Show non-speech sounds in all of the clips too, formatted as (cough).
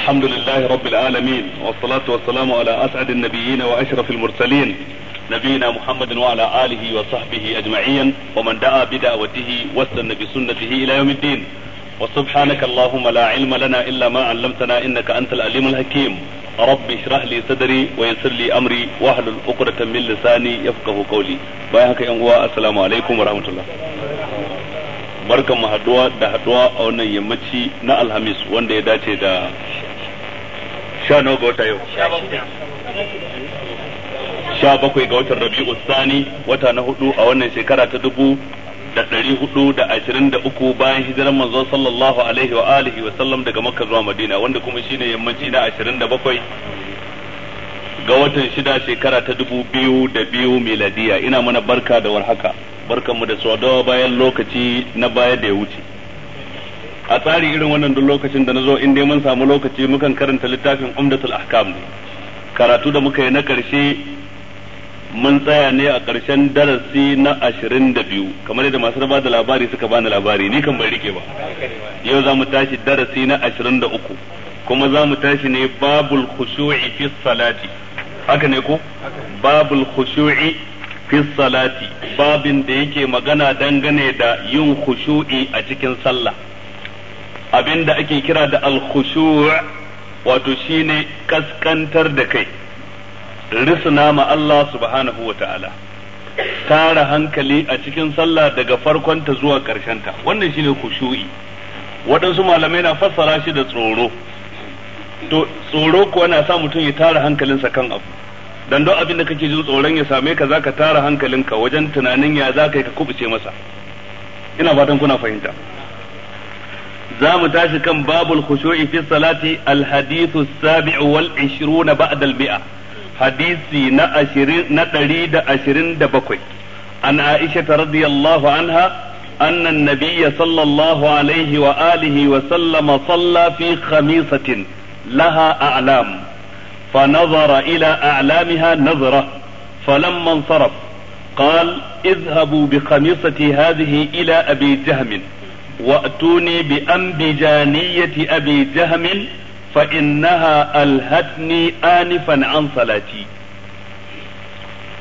الحمد لله رب العالمين والصلاة والسلام على أسعد النبيين وأشرف المرسلين نبينا محمد وعلى آله وصحبه أجمعين ومن دعا بدعوته واستنى بسنته إلى يوم الدين وسبحانك اللهم لا علم لنا إلا ما علمتنا إنك أنت العليم الحكيم رب اشرح لي صدري ويسر لي أمري واحلل عقدة من لساني يفقه قولي بايعك يا السلام عليكم ورحمة الله barkan mu haduwa da haduwa a wannan yammaci na alhamis wanda ya dace da sha nawa ga wata yau sha bakwai ga watan rabi'u sani wata na hudu a wannan shekara ta dubu da ɗari hudu da ashirin da uku bayan hijiran manzo sallallahu alaihi wa alihi wa sallam daga makka zuwa madina wanda kuma shine yammaci na ashirin da bakwai ga watan shida shekara ta dubu biyu da biyu miladiya ina mana barka da warhaka barkanmu da saduwa bayan lokaci na baya da ya wuce a tsari irin wannan duk lokacin da na zo in dai mun samu lokaci mukan karanta littafin umdatul ahkam karatu da muka yi na karshe mun tsaya ne a karshen darasi na ashirin da biyu kamar yadda masu raba da labari suka bani labari ni kan bai rike ba yau za mu tashi darasi na ashirin da uku kuma za mu tashi ne babul khushu'i fi salati haka ne ko babul khushu'i fi salati babin da yake magana dangane da yin khushu'i a cikin sallah Abin da ake kira da al-khushu' wato shine kaskantar da kai risna ma Allah subhanahu wa ta'ala tara hankali a cikin sallah daga farkonta zuwa ta wannan shine khushu'i waɗansu malamai na fassara shi da tsoro to tsoro kuwa na sa mutum ya tara hankalinsa kan abu dan don abin da kake jin tsoron ya same ka zaka tara hankalinka wajen tunanin ya zaka yi ka kubuce masa ina fatan kuna fahimta zamu tashi kan babul khushu'i fi salati الحديث السابع sabi'u wal 20 ba'da al mi'a hadisi na 20 na 127 an aisha anha أن النبي صلى الله عليه وآله وسلم صلى في خميصة لها أعلام فنظر إلى أعلامها نظرة فلما انصرف قال اذهبوا بخميصتي هذه إلى أبي جهم وأتوني بأنبجانية أبي جهم فإنها ألهتني آنفا عن صلاتي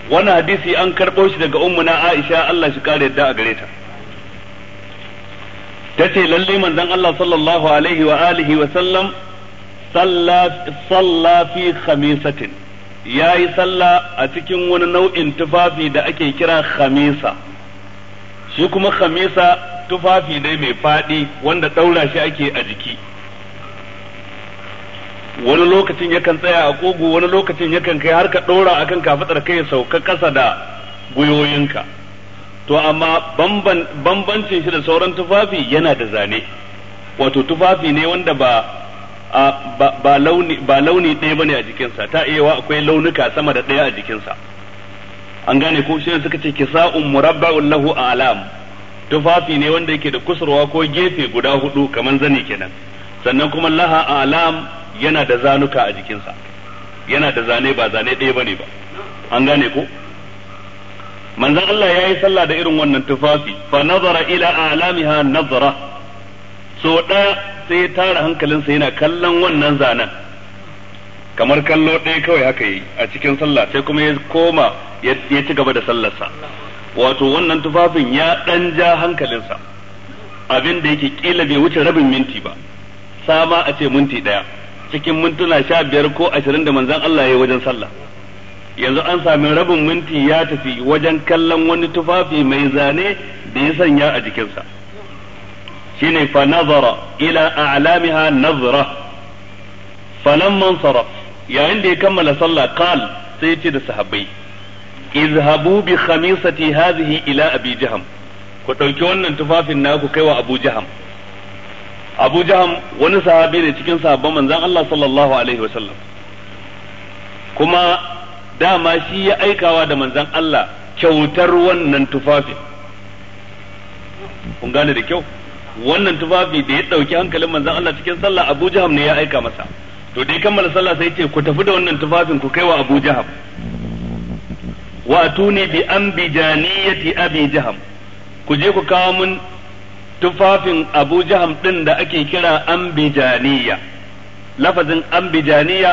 wannan hadisi an karɓo shi daga ummuna Aisha Allah shi kare yadda a gare ta tace lalle manzon Allah sallallahu alaihi wa alihi wa sallam salla fi khamisatin yayi salla a cikin wani nau'in tufafi da ake kira khamisa shi kuma khamisa tufafi ne mai faɗi wanda ɗaura shi ake a jiki wani lokacin yakan tsaya a kogo wani lokacin yakan kai har ka ɗora akan kafaɗar kai sauka ƙasa da gwiwoyinka to amma bambancin shi da sauran tufafi yana da zane wato tufafi ne wanda ba ba launi ba launi ɗaya bane a jikinsa ta iya akwai launuka sama da ɗaya a jikinsa an gane ko shi suka ce kisa'un murabba'un lahu a'lam tufafi ne wanda yake da kusurwa ko gefe guda hudu kamar zani kenan sannan kuma laha alam yana da zanuka a jikinsa yana da zane ba zane ɗaya bane ba an gane ko manzon Allah ya yi sallah da irin wannan tufafi fa nazara ila alamiha nazara so ɗaya sai ya tara hankalinsa yana kallon wannan zanen kamar kallo ɗaya kawai haka yi a cikin sallah sai kuma ya koma ya ci gaba da sallarsa wato wannan tufafin ya dan ja hankalinsa abin da yake kila bai wuce rabin minti ba sama a ce minti daya cikin mintuna sha biyar ko ashirin da manzan Allah ya yi wajen sallah yanzu an sami rabin minti ya tafi wajen kallon wani tufafi mai zane da ya sanya a jikinsa shine fa nazara ila a'lamiha nazra falamman sarraf yayin da ya kammala sallah kal sai ce da sahabbai izhabu bi khamisati hadhihi ila abi jaham ku ɗauki wannan tufafin naku kaiwa abu jaham abu jaham wani sahabi ne cikin sahabban manzon Allah sallallahu alaihi wasallam kuma dama shi ya aikawa da manzon Allah kyautar wannan tufafin kun gane da kyau wannan tufafi da ya ɗauki hankalin manzon Allah cikin sallah Abu Jaham ne ya aika masa to dai kammala sallah sai ce ku tafi da wannan tufafin ku kaiwa Abu Jaham Watu ne bi ambijaniyati abi jaham ku je ku kawo mun tufafin abu jaham din da ake kira ambijaniya lafazin ambijaniya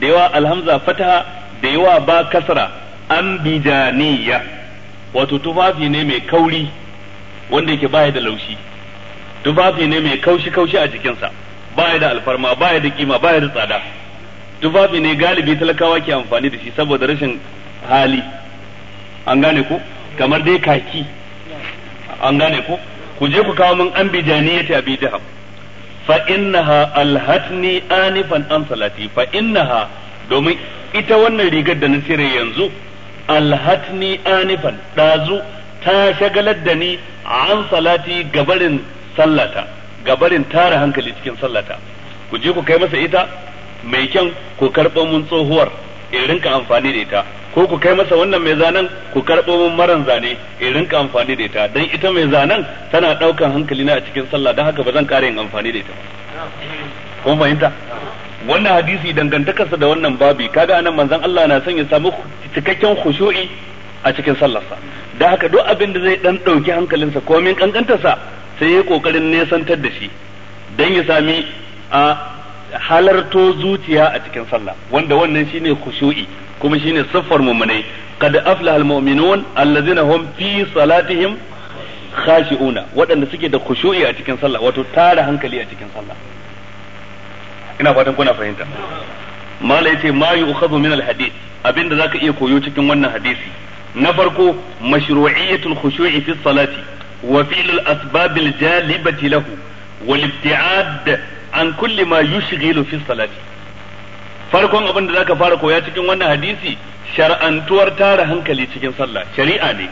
da yawa alhamza fataha da yawa ba kasra ambijaniya wato tufafi ne mai kauri wanda yake baya da laushi tufafi ne mai kaushi kaushi a jikinsa baya da alfarma baya da kima baya da tsada tufafi ne galibi talakawa ke amfani da shi saboda rashin hali an gane ko kamar dai kaki an gane ko ku je ku kawo min an bijaniyati abi jahab fa innaha alhatni anifan an salati fa innaha domin ita wannan rigar da na cire yanzu alhatni anifan dazu ta shagalar da ni an salati gabarin sallata gabarin tara hankali cikin sallata ku je ku kai masa ita mai kyan ku karɓo mun tsohuwar in rinka amfani da ita ko ku kai masa wannan mai zanen ku karɓo min maran zane in rinka amfani da ita dan ita mai zanen tana ɗaukan hankali na a cikin sallah don haka ba zan ƙara yin amfani da ita ko fahimta wannan hadisi dangantakarsa da wannan babi kaga anan manzon Allah na son ya samu cikakken khushu'i a cikin sallarsa da haka duk abin da zai dan ɗauki hankalinsa komin kankantarsa sai ya kokarin nesantar da shi dan ya sami a halarto zuciya a cikin sallah wanda wannan shine khushu'i kuma shine siffar mu'minai qad aflaha almu'minun allazina hum fi salatihim khashi'una waɗanda suke da khushu'i a cikin sallah wato tara hankali a cikin sallah ina fatan kuna fahimta mala yace ma yu'khadhu min alhadith abinda zaka iya koyo cikin wannan hadisi na farko mashru'iyatul khushu'i fi salati wa fi'l al-asbab al lahu wal ibti'ad an kulli ma yushghilu fi salati farkon abin da zaka fara koya cikin wannan hadisi shar'antuwar tara hankali cikin sallah shari'a ne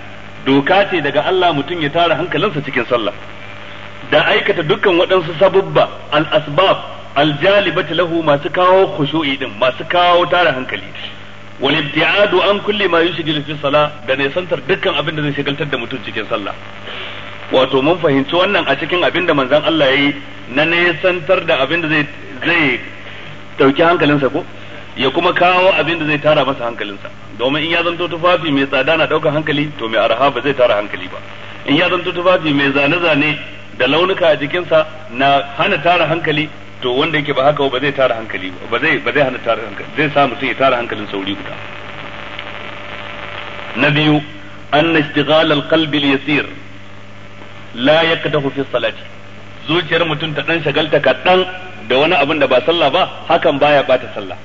doka ce daga Allah mutum ya tara hankalinsa cikin sallah da aikata dukkan waɗansu sabubba al asbab al jalibat lahu masu kawo khushu'i din masu kawo tara hankali wal ibtiadu an kulli ma yushghilu fi salah da ne santar dukkan abin da zai shagaltar da mutum cikin sallah wato mun fahimci wannan a cikin abin da manzon Allah yi na nesantar da abin da zai zai dauki hankalinsa ko ya kuma kawo abin da zai tara masa hankalinsa domin in ya zanto tufafi mai tsada na daukar hankali to mai araha ba zai tara hankali ba in ya zanto tufafi mai zane-zane da launuka a jikinsa na hana tara hankali to wanda yake ba haka ba zai tara hankali ba zai ba zai hana tara hankali zai sa mutum ya tara hankalin sauri guda na biyu an ishtighal al-qalb al-yasir la yakdahu fi salati zuciyar mutum ta dan shagalta kaɗan da wani abin da ba sallah ba hakan baya bata sallah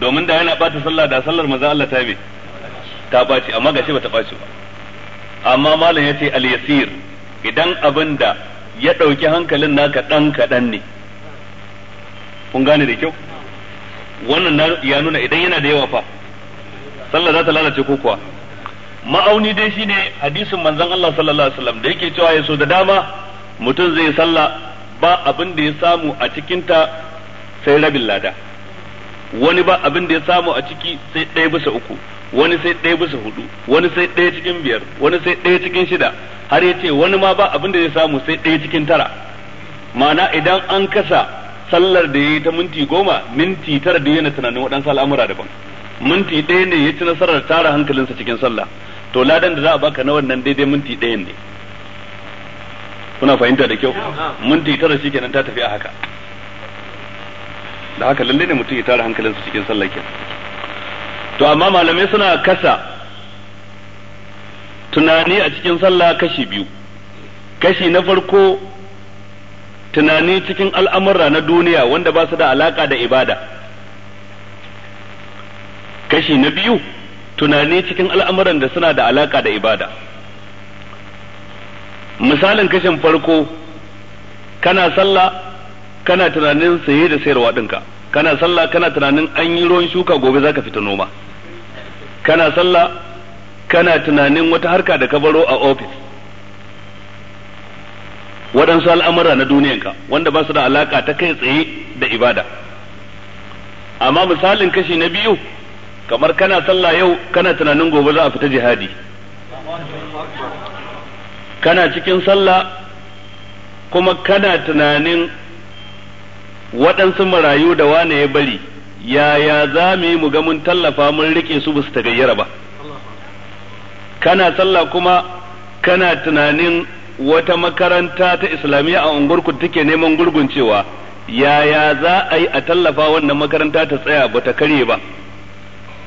domin da yana bata sallah da sallar manzon Allah ta bi ta baci amma gashi bata baci ba amma malam yace al yasir idan abin da ya ɗauki hankalin naka ɗan kaɗan ne kun gane da kyau wannan ya nuna idan yana da yawa fa sallah za ta lalace ko kuwa ma'auni dai shine hadisin manzon Allah sallallahu alaihi wasallam da yake cewa so da dama mutum zai salla ba abin da ya samu a cikin ta sai rabin lada wani ba abin da ya samu a ciki sai ɗaya bisa uku wani sai ɗaya bisa hudu wani sai ɗaya cikin biyar wani sai ɗaya cikin shida har ya ce wani ma ba abin da ya samu sai ɗaya cikin tara ma'ana idan an kasa sallar da ya yi ta minti goma minti tara da yana tunanin waɗansu al'amura daban minti ɗaya ne ya ci nasarar tara hankalinsa cikin sallah to ladan da za a baka na wannan daidai minti ɗayan ne kuna fahimta da kyau minti tara kenan ta tafi a haka da haka lalle ne mutum ya tara hankalinsa cikin sallah kenan to amma malamai suna kasa tunani a cikin sallah kashi biyu kashi na farko tunani cikin al'amura na duniya wanda ba su da alaka da ibada kashi na biyu tunani cikin al'amuran da suna da alaka da ibada misalin kashin farko kana sallah kana tunanin saye da sayarwa ɗinka kana sallah kana tunanin an yi ruwan shuka gobe za ka fita noma kana sallah kana tunanin wata harka da ka baro a ofis waɗansu al'amura na duniyanka wanda ba su da alaka ta kai tsaye da ibada amma misalin kashi na biyu kamar kana sallah yau kana tunanin gobe za a fita jihadi kana cikin sallah kuma kana tunanin waɗansu marayu da wane ya bari yaya za mu yi mu ga mun tallafa mun riƙe su basu su tagayyara ba kana sallah kuma kana tunanin wata makaranta ta islamiyya a unguwarku take neman gurguncewa yaya za a yi a tallafa wannan makaranta ta tsaya ba ta karye ba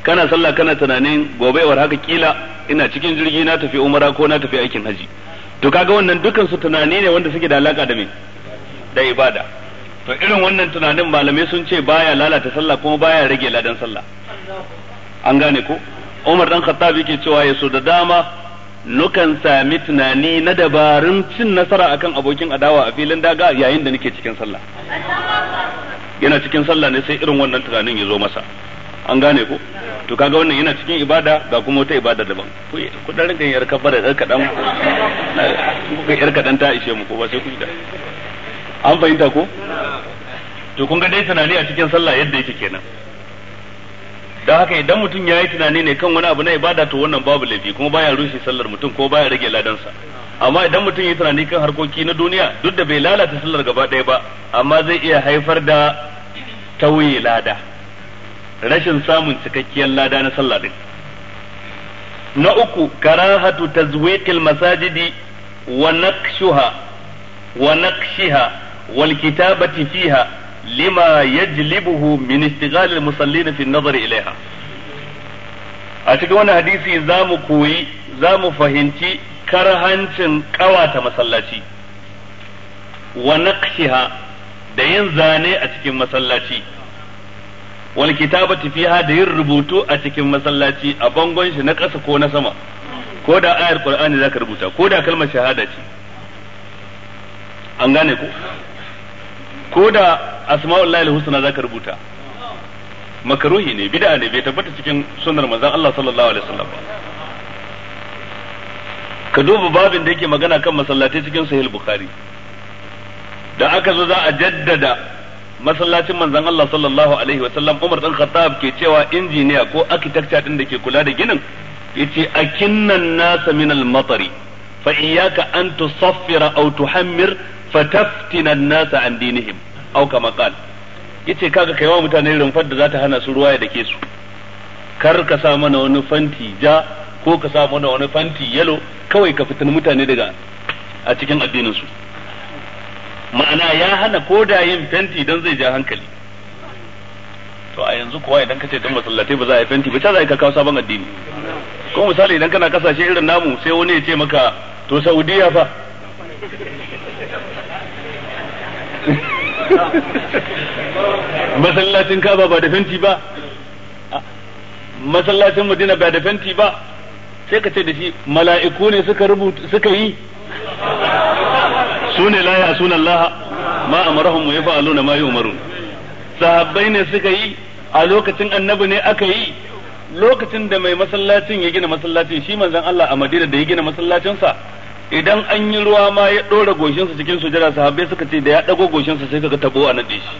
kana sallah kana tunanin gobe gobewar haka kila ina cikin jirgi na tafi umara ko na tafi aikin haji to kaga wannan dukkan su tunani ne wanda suke da alaka da me da ibada to irin wannan tunanin malamai sun ce baya lalata sallah kuma baya rage ladan sallah an gane ko Umar dan Khattab yake cewa ya so da dama nukan sami tunani na dabarun cin nasara akan abokin adawa a filin daga yayin da nake cikin sallah yana cikin sallah ne sai irin wannan tunanin ya zo masa an gane ko to kaga wannan yana cikin ibada ga kuma wata ibada daban ku dan rinka yar kabbara yar kadan ku yar kadan ta ishe mu ko ba sai ku da an fahimta ko to kun ga dai tunani a cikin sallah yadda yake kenan dan haka idan mutum ya yi tunani ne kan wani abu na ibada to wannan babu laifi kuma baya rushe sallar mutum ko baya rage ladansa amma idan mutum ya yi tunani kan harkoki na duniya duk da bai lalata sallar gaba ɗaya ba amma zai iya haifar da tauye lada rashin samun cikakkiyar lada na sallah din na uku karahatu tazwiqil masajidi wa naqshuha wa naqshiha wal kitabati fiha lima yajlibuhu min istighal al musallin fi an-nazar ilayha a cikin wannan hadisi mu koyi zamu fahimci karhancin kawata masallaci wa naqshiha da yin zane a cikin masallaci wal kitabati fiha da yin rubutu a cikin masallaci a bangon shi na ƙasa ko na sama ko da ayar qur'ani zaka rubuta ko da kalmar shahada ce an gane ko ko da asma'ullahi husna zaka rubuta makaruhi ne bid'a ne bai tabbata cikin sunnar manzon Allah sallallahu alaihi wasallam ba ka duba babin da yake magana kan masallatai cikin sahih bukhari da aka zo za a jaddada masallacin manzon Allah sallallahu alaihi wa sallam Umar dan Khattab ke cewa injiniya ko architecture din da ke kula da ginin yace akinnan nasa min al-matari fa iyyaka an tusaffira aw tuhammir fataftina an-nasa an dinihim aw kama qal yace kaga kai wa mutane rumfar da zata hana su ruwa ya dake su kar ka sa mana wani fanti ja ko ka sa mana wani fanti yalo kawai ka fitin mutane daga a cikin addinin su ma'ana ya hana ko da yin fenti don zai ja hankali to a yanzu kuwa idan ka ce dan masallatai ba za a yi fenti ba ta za ka kawo sabon addini ko misali idan kana kasashe irin namu sai wani ya ce maka to saudiya fa (laughs) masallacin kaba ba da fenti ba masallacin madina ba da fenti ba sai ka ce da shi mala'iku ne suka rubuta suka yi su ne la ya sunan Allah ma amarahum ya aluna ma yu'marun sahabbai ne suka yi a lokacin annabi ne aka yi lokacin da mai masallacin ya gina masallacin shi manzon Allah a Madina da ya gina masallacinsa idan an yi ruwa ma ya ɗora goshinsa cikin sujada sahabbai suka ce da ya dago goshinsa sai kaga tabo a nade shi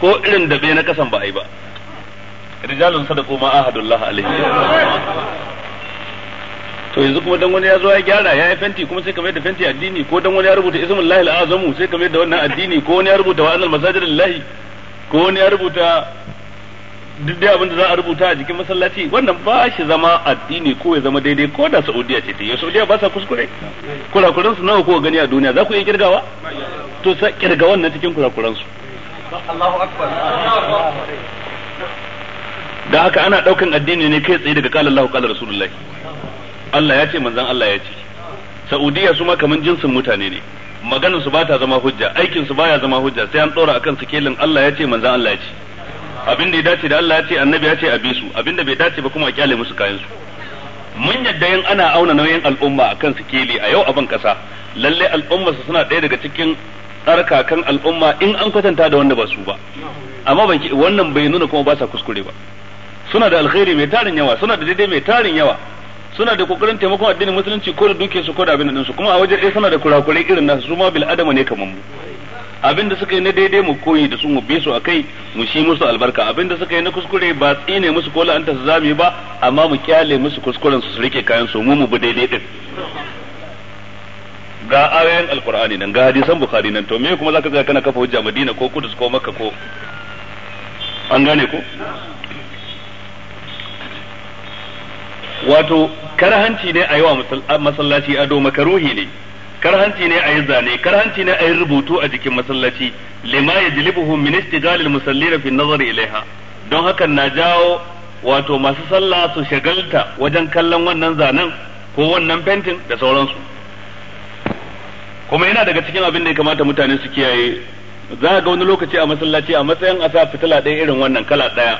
ko irin da bai na kasan ba a yi ba rijalun sadaqu ma ahadullah alaihi to yanzu kuma dan wani ya zo ya gyara ya yi fenti kuma sai kamar da fenti addini ko dan wani ya rubuta ismin lahil azamu sai kamar da wannan addini ko wani ya rubuta wa annal masajidil lahi ko wani ya rubuta duk dai abin da za a rubuta a jikin masallaci wannan ba shi zama addini ko ya zama daidai ko da Saudiya ce ta yi Saudiya ba sa kuskure kurakuransu nawa ko gani a duniya za ku iya kirgawa to sa kirga wannan cikin kurakuransu Allahu akbar da haka ana daukan addini ne kai tsaye daga kalallahu Allahu Rasulullahi Allah ya ce manzon Allah ya ce Saudiya su ma kamar jinsin mutane ne maganar su bata zama hujja aikin su baya zama hujja sai an tsora akan sikelin Allah ya ce manzon Allah ya ce abin da ya dace da Allah ya ce annabi ya ce a bi su abin da bai dace ba kuma a kyale musu kayan su mun yadda yin ana auna nauyin al'umma akan sikeli a yau a kasa lalle al'umma su suna ɗaya daga cikin tsarkakan al'umma in an kwatanta da wanda ba su ba amma ban wannan bai nuna kuma ba sa kuskure ba suna da alkhairi mai tarin yawa suna da daidai mai tarin yawa suna da kokarin taimakon addinin musulunci ko da dukiyarsu ko da abin da su kuma a wajen ɗaya suna da kurakurai irin nasu su ma bil adama ne kamar mu abin da suka yi na daidai mu koyi da su mu bi su akai mu shi musu albarka abin da suka yi na kuskure ba tsine musu ko la'anta su zame ba amma mu kyale musu kuskuren su su rike kayan su mu mu bi daidai din ga ayoyin alkur'ani nan ga hadisan bukhari nan to me kuma zaka ga kana kafa hujja madina ko kudus ko makka ko an gane ko wato karhanci ne a yi wa masallaci ado makaruhi ne karhanci ne a yi zane karhanci ne a yi rubutu a jikin masallaci lima ya jilibuhu ministi galil musalli fi nazar ilaiha don hakan na jawo wato masu sallah su shagalta wajen kallon wannan zanen ko wannan fentin da sauransu kuma yana daga cikin abin da ya kamata mutane su kiyaye za ga wani lokaci a masallaci a matsayin a sa fitila ɗaya irin wannan kala ɗaya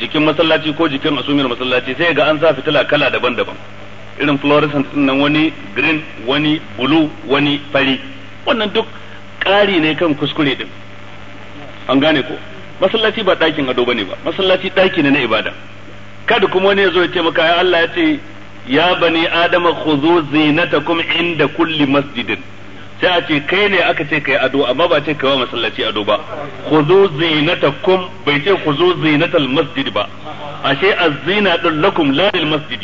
jikin masallaci ko jikin asumiyar masallaci sai ga an sa fitila kala daban-daban irin fluorescent din nan wani green wani blue wani fari wannan duk ƙari ne kan kuskure din an gane ko masallaci ba ɗakin ado bane ba masallaci ɗaki ne na ibada kada kuma wani ya zo ya ce maka ya Allah ya ce ya bani adama khudhu zinatakum inda kulli masjidin sai a ce kai ne aka ce kai ado amma ba ce kai wa masallaci ado ba khuzu zinatakum bai ce khuzu zinatal masjid ba ashe azina zina dun lakum la lil masjid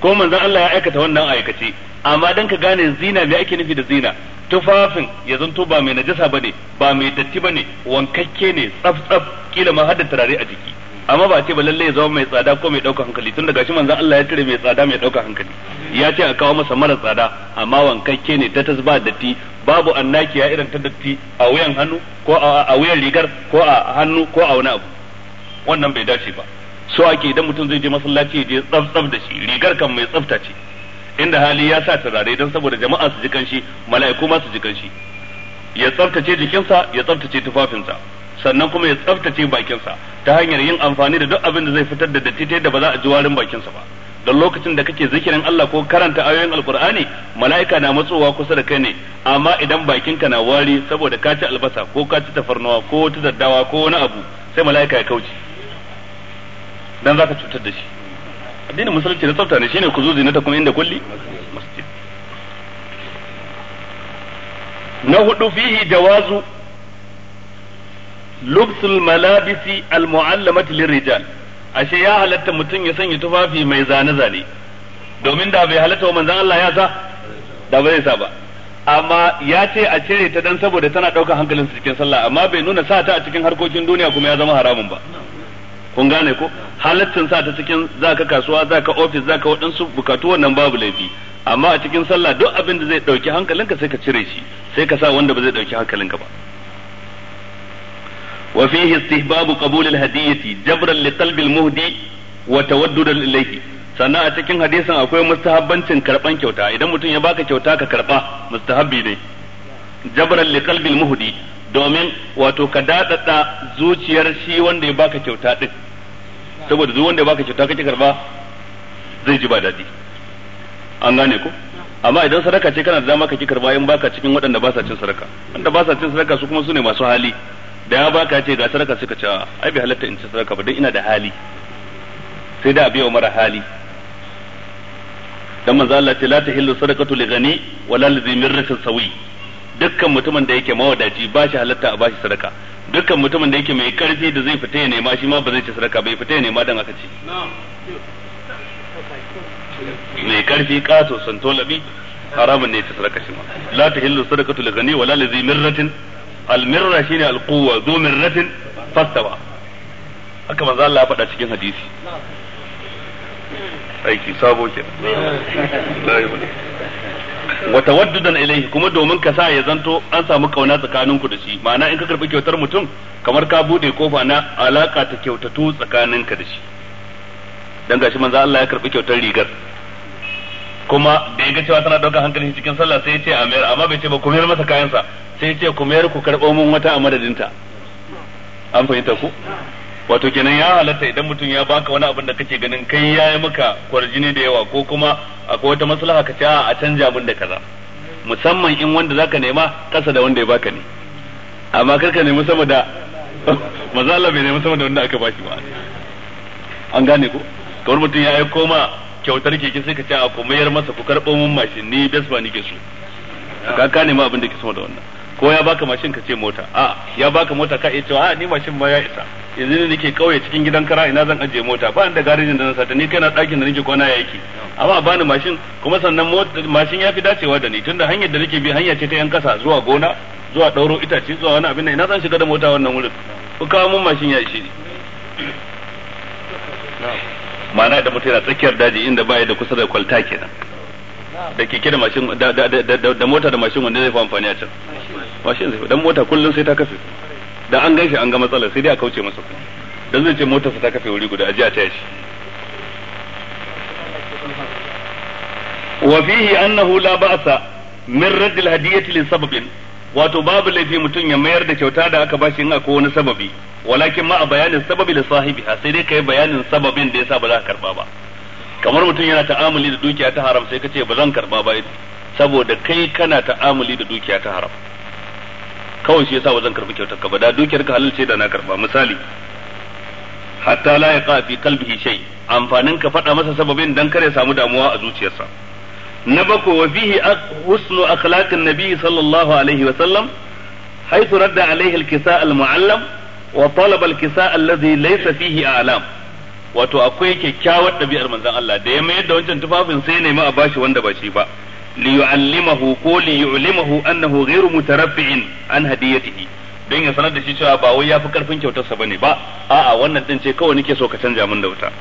ko manzon Allah ya aikata wannan aikace amma dan ka gane zina me ake nufi da zina tufafin ya zanto ba mai najasa bane ba mai datti bane wankakke ne tsaf tsaf kila ma hadda turare a jiki amma ba ce ba lalle ya zama mai tsada ko mai ɗaukar hankali tun daga shi manzan Allah ya tare mai tsada mai ɗaukar hankali ya ce a kawo masa mara tsada amma wankakke ne ta tasba datti babu annaki ya irin ta datti a wuyan hannu ko a wuyan rigar ko a hannu ko a wani abu wannan bai dace ba so ake idan mutum zai je masallaci ya je tsaf da shi rigar kan mai tsafta ce inda hali ya sa turare don saboda jama'a su ji kanshi mala'iku ma su ji kanshi ya tsaftace jikinsa ya tsaftace tufafinsa sannan kuma ya tsaftace bakinsa ta hanyar yin amfani da duk abin da zai fitar da datti ta yadda ba za a ji warin bakinsa ba don lokacin da kake zikirin Allah ko karanta ayoyin alkur'ani mala'ika na matsowa kusa da kai ne amma idan bakinka na wari saboda ka ci albasa ko ka ci tafarnuwa ko wata daddawa ko wani abu sai mala'ika ya kauce dan zaka cutar da shi addinin musulunci na tsafta ne shine ku zo ta kuma inda kulli masjid na hudu fihi jawazu لبس malabisi المعلمة للرجال ashe ya halatta mutum ya sanya tufafi mai zane zane domin da bai halatta wa manzan Allah ya sa da bai sa ba amma ya ce a cire ta dan saboda tana ɗaukar hankalin su cikin sallah amma bai nuna sa ta a cikin harkokin duniya kuma ya zama haramun ba kun gane ko halaccin sa ta cikin zaka kasuwa zaka office zaka waɗansu bukatu wannan babu laifi amma a cikin sallah duk abin da zai dauki hankalinka sai ka cire shi sai ka sa wanda ba zai dauki hankalinka ba وفيه استهباب قبول الهدية جبرا لقلب المهدي وتوددا إليه sannan a cikin hadisin akwai mustahabbancin karban kyauta idan mutum ya baka kyauta ka karba mustahabbi ne jabran li qalbil muhdi domin wato ka dadada zuciyar shi wanda ya baka kyauta din saboda duk wanda ya baka kyauta kake karba zai ji ba dadi an gane ko amma idan sadaka ce kana da dama kake karba in baka cikin waɗanda ba sa cin sadaka wanda ba sa cin sadaka su kuma su ne masu hali da ya baka ce ga sadaka suka ce ai bi halatta in ci sadaka ba dan ina da hali sai da abiya mara hali dan manzo Allah ce la tahillu sadaqatu li ghani la li dhimirratin sawi dukkan mutumin da yake mawadaci ba shi halatta a bashi sadaka dukkan mutumin da yake mai karfi da zai fita ya nema shi ma ba zai ci sadaka bai fita ya nema dan aka ce mai karfi kaso santolabi haramun ne ya ci sadaka shi ma la tahillu sadaqatu li ghani la li dhimirratin almirra shine alquwa zu mirratin fastawa haka manzo Allah ya faɗa cikin hadisi aiki sabo ke wa tawaddudan ilayhi kuma domin ka sa ya zanto an samu kauna tsakaninku da shi ma'ana in ka karbi kyautar mutum kamar ka bude kofa na alaka ta kyautatu tsakaninka da shi dan gashi manzo Allah ya karbi kyautar rigar kuma da ga cewa tana daukan hankali cikin sallah sai ya ce a mayar amma bai ce ba ku mayar masa kayansa sai ya ce ku mayar ku karɓo mun wata a madadinta an fahimta ku wato kenan ya halatta idan mutum ya baka wani abin da kake ganin kai ya yi maka kwarjini da yawa ko kuma akwai wata maslaha ka ce a canja abin da kaza musamman in wanda zaka nema kasa da wanda ya baka ne amma kar ka nemi sama da (laughs) mazala bai nemi sama da wanda aka bashi ba an gane ko kamar mutum ya aiko ma kyautar keke sai ka ce a kumayar masa ku karɓo mun mashin ni besma nike so ka ka nema abin da ke so da wannan ko ya baka mashin ka ce mota a ya baka mota ka iya cewa a ni mashin ma ya isa yanzu ne nake kauye cikin gidan kara ina zan ajiye mota ba da garejin da na sata ni kaina ɗakin da nake kwana ya yake amma bani mashin kuma sannan mashin ya fi dacewa da ni tunda hanyar da nake bi hanya ce ta yan kasa zuwa gona zuwa ɗauro itace zuwa wani abin da ina zan shiga da mota wannan wurin ku kawo mun mashin ya ishe ni ma'ana da mutum yana tsakiyar daji inda ba da kusa da kwalta kenan da keke da mashin da mota da mashin wanda zai fi amfani a can mashin zai fi dan mota kullum sai ta kafe da an gaishe an ga matsalar sai dai a kauce masa dan zai ce motarsa ta kafe wuri guda a jiya ta yashi wa fihi annahu la ba'sa min radd al hadiyati li sababin wato babu laifi mutum ya mayar da kyauta da aka bashi in akwai wani sababi walakin ma a bayanin sababi da a sai dai kai bayanin sababin da yasa ba za ka karba ba kamar mutum yana ta'amuli da dukiya ta haram sai ka ce ba zan karba ba saboda kai kana ta'amuli da dukiya ta haram kawai shi yasa ba zan karbi kyautar ka ba da dukiyar ka halal ce da na karba misali hatta la yaqa fi qalbihi shay amfanin ka faɗa masa sababin dan kare samu damuwa a zuciyarsa na bako wa fihi husnu akhlaqin nabi sallallahu alaihi wa sallam haythu radda alaihi al-kisa al-mu'allam wa kisa a'lam wato akwai kyakkyawar ɗabi'ar manzon Allah da ya mayar da wancan tufafin sai nemi a bashi wanda ba shi ba li yu'allimahu ko li yu'limahu annahu ghairu mutarabbi'in an hadiyatihi don ya sanar da shi cewa ba wai yafi karfin kyautarsa bane ba a'a wannan din ce kawai nake so ka canja min da wuta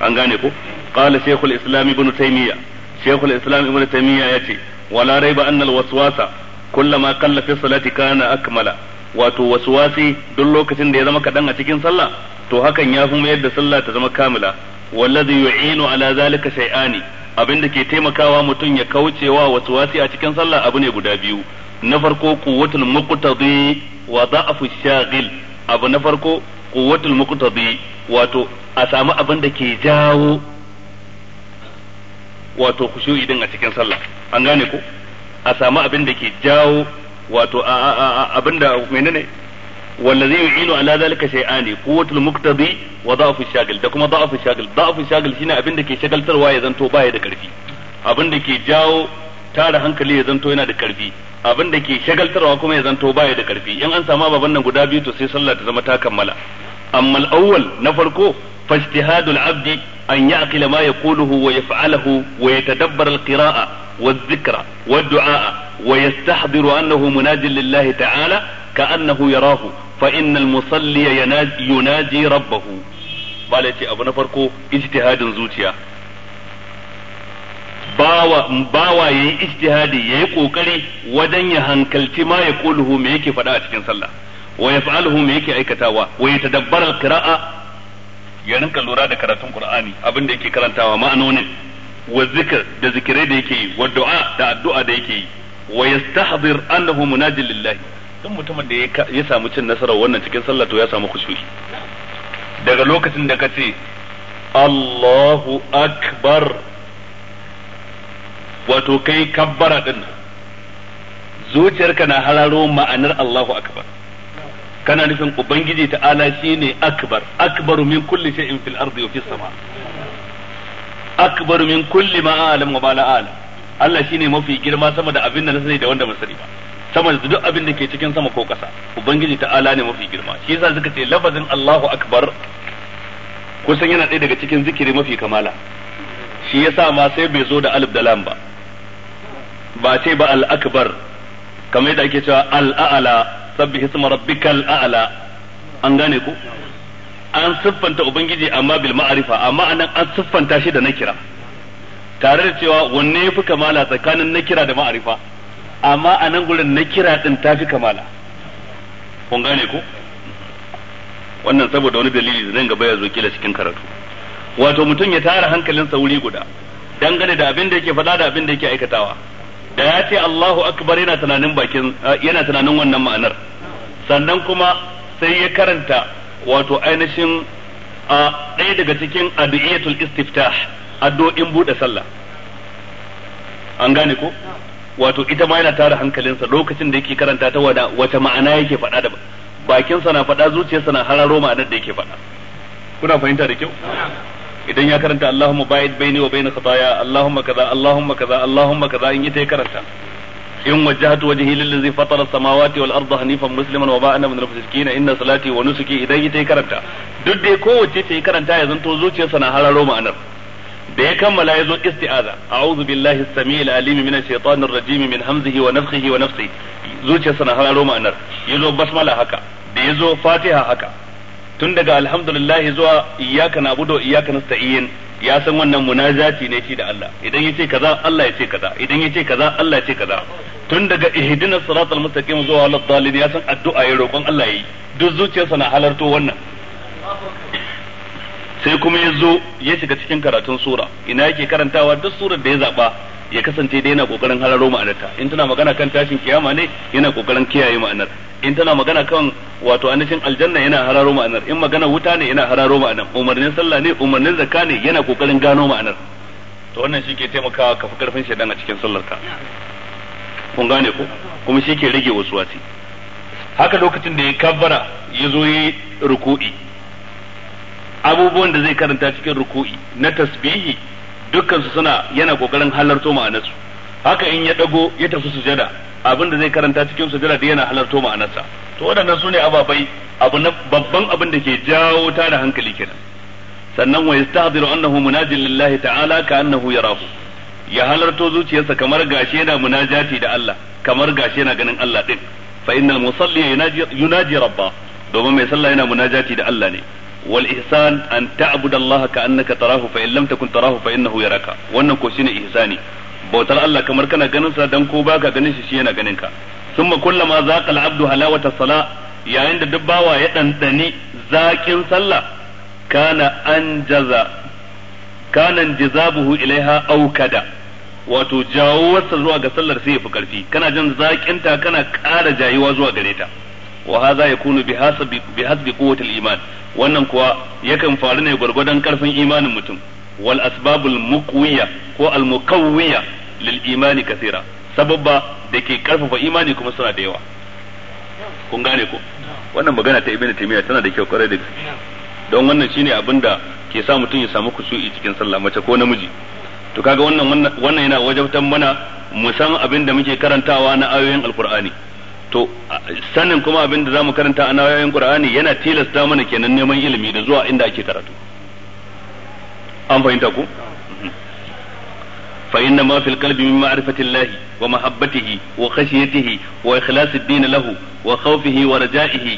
an gane ko qala shaykhul islam ibn taymiyah shaykhul islam ibnu ya ce wala raiba anna alwaswasa kullama qalla kallafin salati kana akmala wato waswasi duk lokacin da ya zama kaɗan a cikin sallah to hakan ya fi mayar da sallah ta zama kamila wallazi yu'inu ala zalika shay'ani abinda ke taimakawa mutum ya kaucewa waswasi a cikin sallah abu ne guda biyu na farko quwwatul muqtadi wa da'afu shaghil abu na farko quwwatul muqtadi wato a sami abin da ke jawo wato khushu'i din a cikin sallah an gane ko a samu abin da ke jawo wato abin da menene wallazi yu'inu ala zalika shay'ani quwwatul muqtadi wa da'fu shagil da kuma da'fu shagil da'fu shagil shine abin da ke shagaltarwa ya zanto baya da karfi abin da ke jawo tara hankali ya zanto yana da karfi abin da ke shagaltarwa kuma ya zanto baya da karfi in an samu baban nan guda biyu to sai sallah ta zama ta kammala amma al-awwal na farko فاجتهاد العبد أن يعقل ما يقوله ويفعله ويتدبر القراءة والذكر والدعاء ويستحضر أنه مناج لله تعالى كأنه يراه فإن المصلي يناجي, يناجي ربه بالتي أبو نفركو اجتهاد زوتيا bawa ya yi ijtihadi ya yi kokari wajen ya hankalci ma ya kuluhu me yake faɗa a cikin sallah wa ya fa'aluhu me yake aikatawa wa ya tadabbara qira'a ya rinka lura da karatun qur'ani abin da yake karantawa ma'anonin wa zikr da zikirai da yake yi wa du'a da addu'a da yake yi wa yastahdir annahu munajil lillahi duk mutumin da ya samu cin nasarar wannan cikin sallah to ya samu khushu'i daga lokacin da kace Allahu akbar wato kai kabbara din zuciyarka na hararo ma'anar Allahu akbar kana nufin ubangiji ala shine akbar akbaru min kulli shay'in fil ardi wa fis sama akbaru min kulli ma alam wa bala alam Allah shine mafi girma sama da abin da na sani da wanda ban sani ba sama da duk abin da ke cikin sama ko ƙasa ubangiji ala ne mafi girma shi yasa suka ce lafazin Allahu akbar kusan yana ɗaya daga cikin zikiri mafi kamala shi yasa ma sai bai zo da alif da lam ba ba ce ba al akbar kamar yadda ake cewa al a'la sabbihi isma rabbikal a'la an gane ku an siffanta ubangiji amma bil ma'arifa amma anan an siffanta shi da nakira tare da cewa wanne yafi kamala tsakanin nakira da ma'arifa amma anan gurin nakira din tafi kamala kun gane ku wannan saboda wani dalili da ga gaba ya zo kila cikin karatu wato mutum ya tara hankalinsa wuri guda dangane da abin da yake faɗa da abin da yake aikatawa da ya ce Allahu akbar yana tunanin bakin yana tunanin wannan ma'anar sannan kuma sai ya karanta wato ainihin a ɗaya daga cikin addu'iyatul istiftah addu'o'in buɗe sallah an gane ko wato ita ma yana tara hankalinsa lokacin da yake karanta ta wada wace ma'ana yake faɗa da bakinsa na faɗa zuciyarsa na hararo ma'anar da yake faɗa kuna fahimta da kyau idan ya karanta Allahumma ba'id baini wa baina khataaya Allahumma kaza Allahumma kaza Allahumma kaza in ita ya karanta in wajjahtu wajhi lillazi fatara samawati wal arda hanifan musliman wa ba'ana min al-mushrikeena inna salati wa nusuki idan ita ya karanta duk da kowace ta karanta ya zanto zuciyarsa na hararo ma'anar da ya kammala ya zo isti'aza a'udhu billahi as-sami'il alim min ash-shaytanir rajim min hamzihi wa nafthihi wa nafsihi zuciyarsa na hararo ma'anar yazo basmala haka da yazo fatiha haka tun daga alhamdulillah zuwa iyyaka na'budu wa iyyaka nasta'in ya san wannan munajati ne shi da Allah idan yace kaza Allah ya ce kaza idan yace kaza Allah ya ce kaza tun daga ihdinas siratal mustaqim zuwa lil dalil ya san addu'a ya roƙon Allah yi duk zuciyarsa na halarto wannan sai kuma ya zo ya shiga cikin karatun sura ina yake karantawa duk surar da ya zaba ya kasance dai yana kokarin hararo ma'anarta in tana magana kan tashin kiyama ne yana kokarin kiyaye ma'anar in tana magana kan wato annashin aljanna yana hararo ma'anar in magana wuta ne yana hararo ma'anar umarnin sallah ne umarnin zakka ne yana kokarin gano ma'anar to wannan shi ke taimakawa ka fi karfin shaidan a cikin sallar ka. kun gane ko kuma shi ke rage wasu wasi haka lokacin da ya kabbara ya zo ya ruku'i abubuwan da zai karanta cikin ruku'i na tasbihi dukkan su suna yana kokarin halarto ma'anarsu haka in ya dago ya tafi sujada jada abinda zai karanta cikin sujada da yana halarto ma'anarsa to waɗannan su ne ababai abu na babban abin da ke jawo ta da hankali kenan sannan wa yastahdiru annahu munajil lillahi ta'ala ka annahu yarahu ya halarto zuciyarsa kamar gashi yana munajati da Allah kamar gashi yana ganin Allah din fa innal musalli yunaji rabba domin mai sallah yana munajati da Allah ne wal ihsan an ta'budallaha ka'annaka tarahu fa in lam takun tarahu fa innahu yaraka wannan ko shine ihsani bautar Allah kamar kana ganin sa dan ko baka ganin shi shi yana ganin ka thumma kullama zaqa al-abdu halawata sala yayin da duk bawa ya dandane zakin sallah kana anjaza kana injizabuhu ilaiha aukada wato jawo wasa zuwa ga sallar sai ya fi karfi kana jan jin ta kana ƙara jayuwa zuwa gare ta wa hadha yakunu bihasabi bihasbi quwwati al-iman wannan kuwa yakan faru ne gwargwadon karfin imanin mutum wal asbabul muqwiya ko al muqawwiya lil imani kathira sababba da ke karfafa imani kuma suna da yawa kun gane ko wannan magana ta ibnu taymiya tana da kyau kwarai da gaske don wannan shine abinda ke sa mutum ya samu kusu'i cikin sallah mace ko namiji to kaga wannan wannan yana wajabtan mana mu san abin da muke karantawa na ayoyin alqur'ani to sanin kuma abin da zamu karanta a nayoyin Qur'ani yana tilasta mana kenan neman ilimi da zuwa inda ake karatu an fahimta ku fa inna ma fil qalbi min ma'rifati Allah wa mahabbatihi wa khashyatihi wa ikhlas ad-din lahu wa khawfihi wa raja'ihi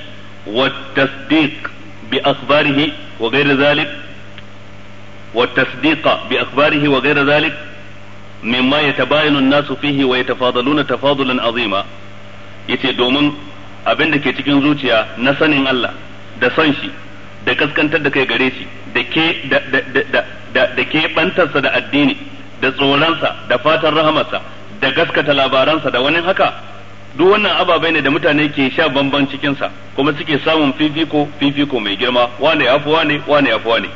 wa tasdiq bi akhbarihi wa ghayr dhalik wa tasdiqa bi akhbarihi wa ghayr dhalik mimma yatabayanu an-nasu fihi wa yatafadaluna tafadalan 'azima yace domin abin da ke cikin zuciya na sanin Allah da son shi da kaskantar da kai gare shi da ke da da da da ke bantarsa da addini da tsoronsa da fatan rahamarsa da gaskata labaransa da wani haka duk wannan ababai ne da mutane ke sha bamban cikinsa kuma suke samun fifiko fifiko mai girma wane ya fi wane wane ya fi wane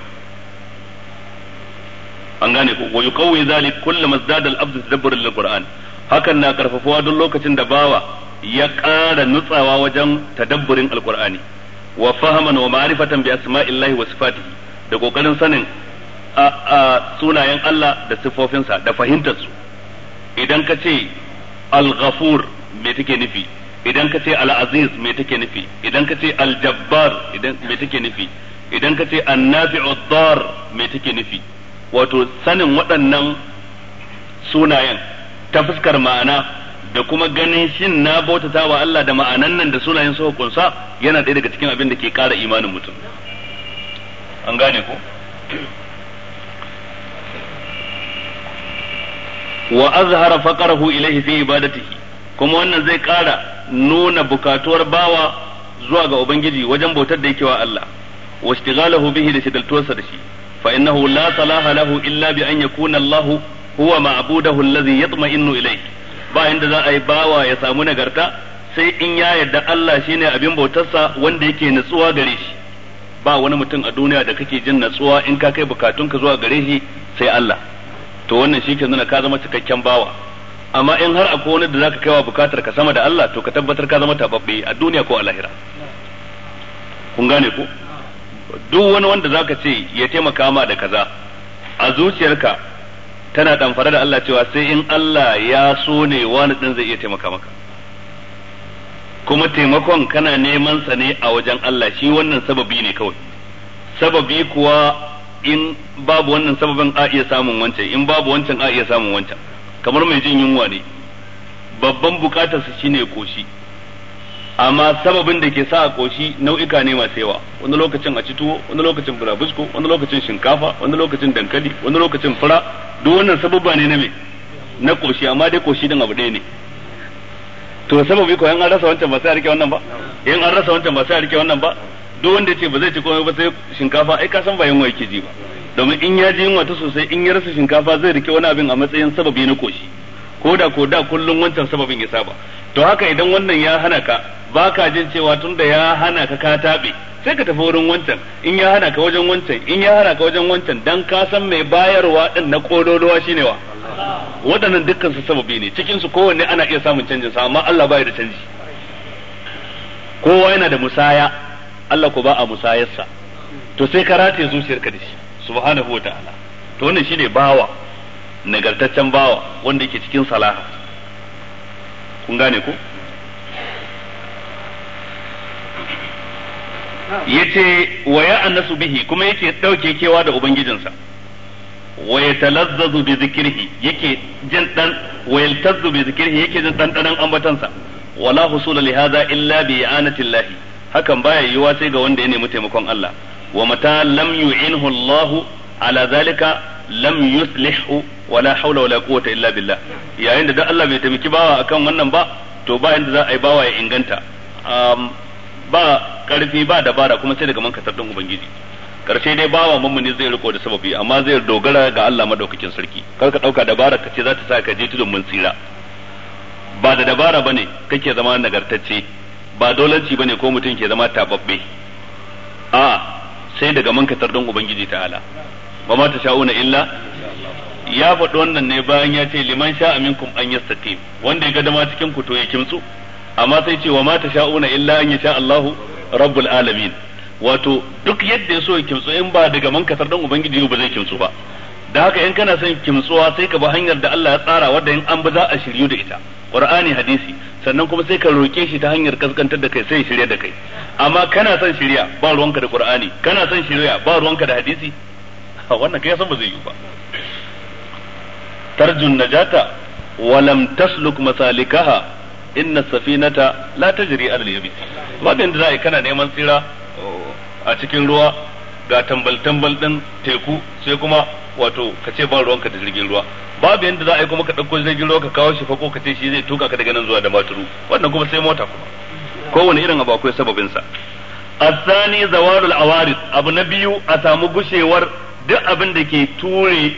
an gane ko wa yuqawwi zalik kullu mazdada al-abd tadabbur lil-qur'an hakan na karfafuwa duk lokacin da bawa ya ƙara nutsawa wajen tadabburin alkur'ani wa fahaman wa ma'rifatan bi asma'illahi wa sifatihi da kokarin sanin a sunayen Allah da sifofinsa da fahimtar su idan ka ce al-ghafur me take nufi idan ka ce al-aziz me take nufi idan ka ce al-jabbar idan me take nufi idan ka ce annafi'u dar me take nufi wato sanin waɗannan sunayen ta fuskar ma'ana da kuma ganin shin na bautata wa Allah da ma'anan nan da sunayen suka yana ɗaya daga cikin abin da ke ƙara imanin mutum an gane ko wa azhara faqarahu ilayhi fi ibadatihi kuma wannan zai ƙara nuna bukatuwar bawa zuwa ga ubangiji wajen bautar da yake wa Allah wa istighalahu bihi da shigaltuwarsa da shi fa innahu la salaha lahu illa bi an yakuna Allah huwa ma'budahu alladhi yatma'innu ilayhi ba inda za a yi bawa ya samu nagarta sai in ya yarda Allah shine abin bautarsa wanda yake natsuwa gare shi ba wani mutum a duniya da kake jin natsuwa in ka kai bukatunka zuwa gare shi sai Allah to wannan shi ke nuna ka zama cikakken bawa amma in har akwai wani da zaka kaiwa bukatar ka sama da Allah to ka tabbatar ka zama tababbe a duniya ko a lahira kun gane ko duk wani wanda zaka ce ya taimaka ma da kaza a zuciyarka tana damfara da Allah cewa sai in Allah ya so ne wani din zai iya taimaka maka kuma taimakon kana neman sa ne a wajen Allah shi wannan sababi ne kawai sababi kuwa in babu wannan sababin a iya samun wancan in babu wancan a iya samun wancan kamar mai jin yunwa ne babban sa shine koshi amma sababin da ke sa a koshi nau'ika ne masu yawa wani lokacin a cituwo wani lokacin burabusko wani lokacin shinkafa wani lokacin dankali wani lokacin fura duk wannan sababa ne na me na koshi amma dai koshi din abu ɗaya ne to sababi ko yan an rasa wancan ba sai a rike wannan ba yan an rasa wancan ba sai a rike wannan ba duk wanda ce ba zai ci komai ba sai shinkafa ai ka san ba yunwa yake ji ba domin in ya ji yunwa ta sosai in ya rasa shinkafa zai rike wani abin a matsayin sababi na koshi ko da ko da kullum wancan sababin ya saba to haka idan wannan ya hana ka ba ka jin cewa tun da ya hana ka ka taɓe sai ka tafi wurin wancan in ya hana ka wajen wancan in ya hana ka wajen wancan dan ka san mai bayarwa din na kololuwa shine wa waɗannan dukkan su sababi ne cikin su kowanne ana iya samun canjin sa amma Allah bai da canji kowa yana da musaya Allah ko ba a musayarsa to sai ka rataye ka da shi subhanahu wataala to wannan shine bawa nagartaccen bawa wanda yake cikin salaha kun gane ko yace wa ya annasu bihi kuma yake dauke kewa da ubangijinsa wa talazzazu bi zikrihi yake jin dan wa yaltazzu bi zikrihi yake jin dan dan ambatansa wala husula li hadha illa bi anatillahi hakan baya yiwa sai ga wanda ya nemi taimakon Allah wa mata lam yu'inhu Allah ala zalika lam yuslihu wala haula wala quwwata illa billah yayin da dan Allah bai taimaki bawa akan wannan ba to ba yanda za a yi bawa ya inganta ba karfi ba dabara kuma sai daga mankasar din ubangiji karshe dai bawa mummuni zai riko da sababi amma zai dogara ga Allah madaukakin sarki kar ka dauka dabara kace za ta sa ka je tudun mun tsira ba da dabara bane kake zama nagartacce ba dolanci bane ko mutum ke zama tababbe a sai daga mankatar don ubangiji ta'ala ba ma ta sha'una illa ya faɗi wannan ne bayan ya ce liman sha aminkum an yastati wanda ya ga dama cikin ku to ya kimtsu amma sai ce wa ma ta sha'una illa an yasha Allahu rabbul alamin wato duk yadda ya so ya kimtso in ba daga mankatar dan ubangiji ba zai kimtso ba da haka in kana son kimtsuwa sai ka bi hanyar da Allah ya tsara wanda in an bi za a shiryu da ita qur'ani hadisi sannan kuma sai ka roke shi ta hanyar kaskantar da kai sai ya shirya da kai amma kana son shirya ba ruwanka da qur'ani kana son shirya ba ruwanka da hadisi (laughs) wannan kai san ba zai yi ba tarjun najata walam tasluk masalikaha inna safinata la tajri ala al-yabi babu yanda zai kana neman tsira a cikin ruwa ga tambal tambal din teku sai kuma wato ka ce ba ruwanka da jirgin ruwa babu yanda za yi kuma ka dauko jirgin ruwa ka kawo shi fa ko ka shi zai tuka ka daga nan zuwa da maturu wannan kuma sai mota kuma kowane irin abu akwai sababin sa azani zawarul awarid abu na biyu a samu gushewar duk abin da ke ture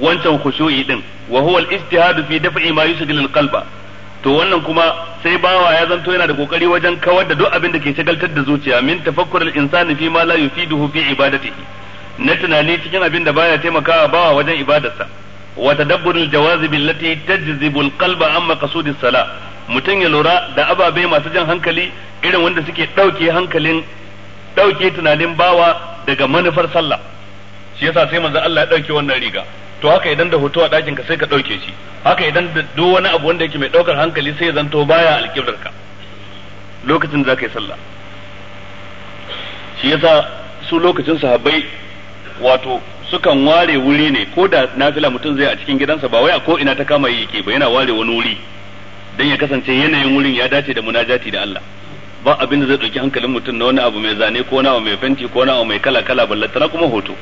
wancan kushoyi din wa huwa al-ijtihad fi dafa'i ma yushghilu al-qalba to wannan kuma sai bawa ya zanto yana da kokari wajen kawar da duk abin da ke shagaltar da zuciya min tafakkur al-insani fi ma la yufiduhu fi ibadatihi na tunani cikin abin da baya taimakawa bawa wajen ibadarsa wa tadabbur al-jawazib allati tajzibu al-qalba amma qasudi as-sala mutum ya lura da ababe masu jan hankali irin wanda suke dauke hankalin dauke tunanin bawa daga manufar sallah shi yasa sai manzo Allah ya dauke wannan riga to haka idan da hoto a ɗakin ka sai ka ɗauke shi haka idan da duk wani abu wanda yake mai ɗaukar hankali sai ya zanto baya alƙiblar ka lokacin da zaka yi sallah shi yasa su lokacin sahabbai wato sukan ware wuri ne ko da nafila mutum zai a cikin gidansa ba wai a ko ina ta kama yi yake ba yana ware wani wuri dan ya kasance yanayin wurin ya dace da munajati da Allah ba abin da zai ɗauki hankalin mutum na wani abu mai zane ko na abu mai fenti ko na abu mai kala kala ballantana kuma hoto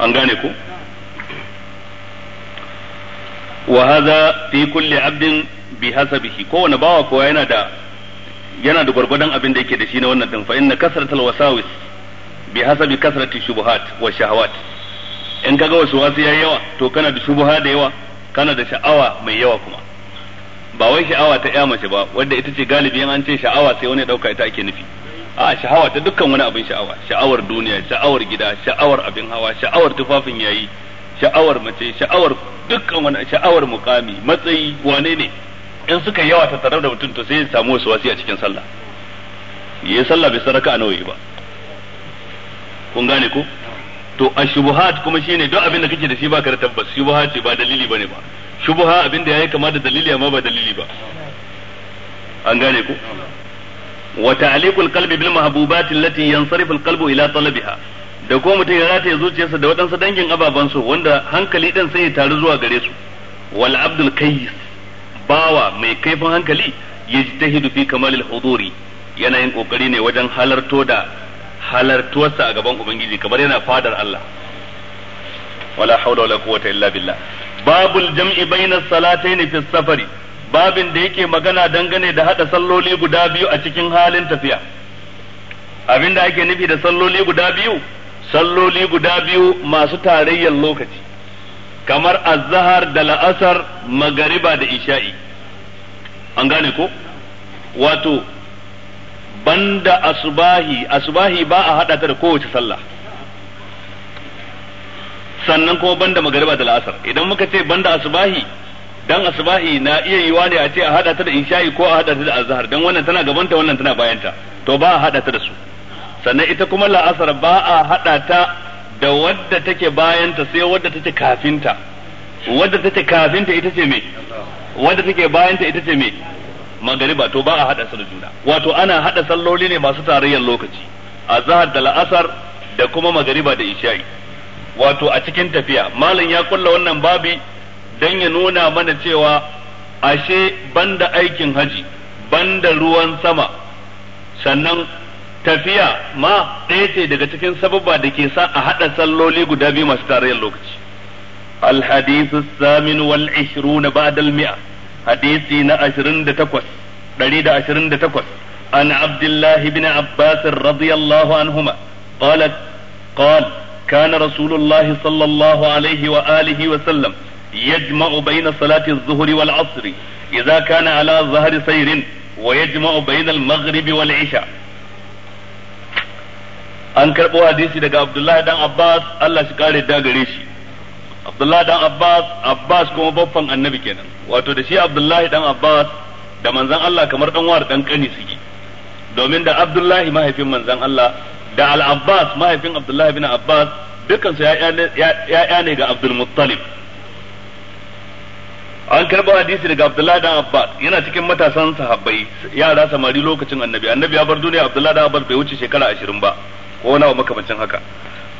an gane ku wa hadha fi kulli abdin bi hasabihi kowane bawa kowa yana da yana da gwargwadon abin da yake da shi na wannan din fa inna kasratul wasawis bi hasabi kasrati shubuhat wa shahawat in kaga wasu wasu yayi yawa to kana da shubuha da yawa kana da sha'awa mai yawa kuma ba wai sha'awa ta iya mace ba wadda ita ce galibi an ce sha'awa sai wani dauka ita ake nufi a sha'awa ta dukkan wani abin sha'awa sha'awar duniya sha'awar gida sha'awar abin hawa sha'awar tufafin yayi sha'awar mace sha'awar dukkan wani sha'awar mukami matsayi wane ne in suka yawa ta tarar da mutum to sai ya samu wasu wasi a cikin sallah yayi sallah bai saraka a yi ba kun gane ko to ashubuhat kuma shine duk abin da kake da shi ba da tabbas shubuhat ba dalili bane ba shubuha abin da yayi kama da dalili amma ba dalili ba an gane ko wa ta'liqul qalbi bil mahbubati allati yansarifu al ila talabiha da ko mutum ya rataye zuciyarsa da waɗansu dangin ababen su wanda hankali ɗin sai ya taru zuwa gare su wal abdul kayyis bawa mai kaifin hankali ya yajtahidu fi kamalil huduri yana yin kokari ne wajen halarto da halartuwarsa a gaban ubangiji kamar yana fadar Allah wala haula wala quwwata illa billah babul jam'i bayna salatayn fi safari babin da yake magana dangane da hada salloli guda biyu a cikin halin tafiya abin da ake nufi da salloli guda biyu salloli guda biyu masu tarayyar lokaci kamar azahar da la'asar magariba da isha'i an gane ko wato banda asubahi asubahi ba a hada ta da kowace sallah sannan kuma banda magariba da la'asar idan muka ce banda asubahi dan asbahi na iya yiwa ne a ce a hada ta da insha'i ko a hada ta da azhar dan wannan tana gaban ta wannan tana bayanta to ba a hada ta da su sannan ita kuma la'asar ba a hada ta da wadda take bayanta sai wadda take kafinta wadda take kafinta ita ce me wadda take bayanta ita ce me magariba to ba a hada su da juna wato ana hada salloli ne masu tarayyar lokaci azhar da la'asar da kuma magariba da isha'i wato a cikin tafiya malam ya kulla wannan babi dan ya nuna mana cewa ashe banda aikin haji banda ruwan sama sannan tafiya ma ɗaya ce daga cikin sababa da ke sa a haɗa salloli guda biyu masu tarayyar lokaci الحديث الثامن والعشرون بعد المئة حديثي نأشرين دتكوس دليل أشرين دتكوس عن عبد الله بن عباس رضي الله عنهما قالت قال كان رسول الله صلى الله عليه وآله وسلم يجمع بين صلاة الظهر والعصر إذا كان على ظهر سير ويجمع بين المغرب والعشاء an karɓo hadisi daga Abdullahi dan Abbas Allah shi kare da gare shi Abdullahi dan Abbas Abbas kuma babban annabi kenan wato da shi Abdullahi dan Abbas da manzon Allah kamar dan war dan kani suke domin da Abdullahi mahaifin manzon Allah da Al-Abbas mahaifin Abdullahi bin Abbas dukkan su ya ya ne ga Abdul Muttalib an karɓar hadisi daga abdullah dan yana cikin matasan sahabbai yara samari lokacin annabi annabi ya bar duniya abdullah dan bai wuce shekara ashirin ba ko wani abu makamancin haka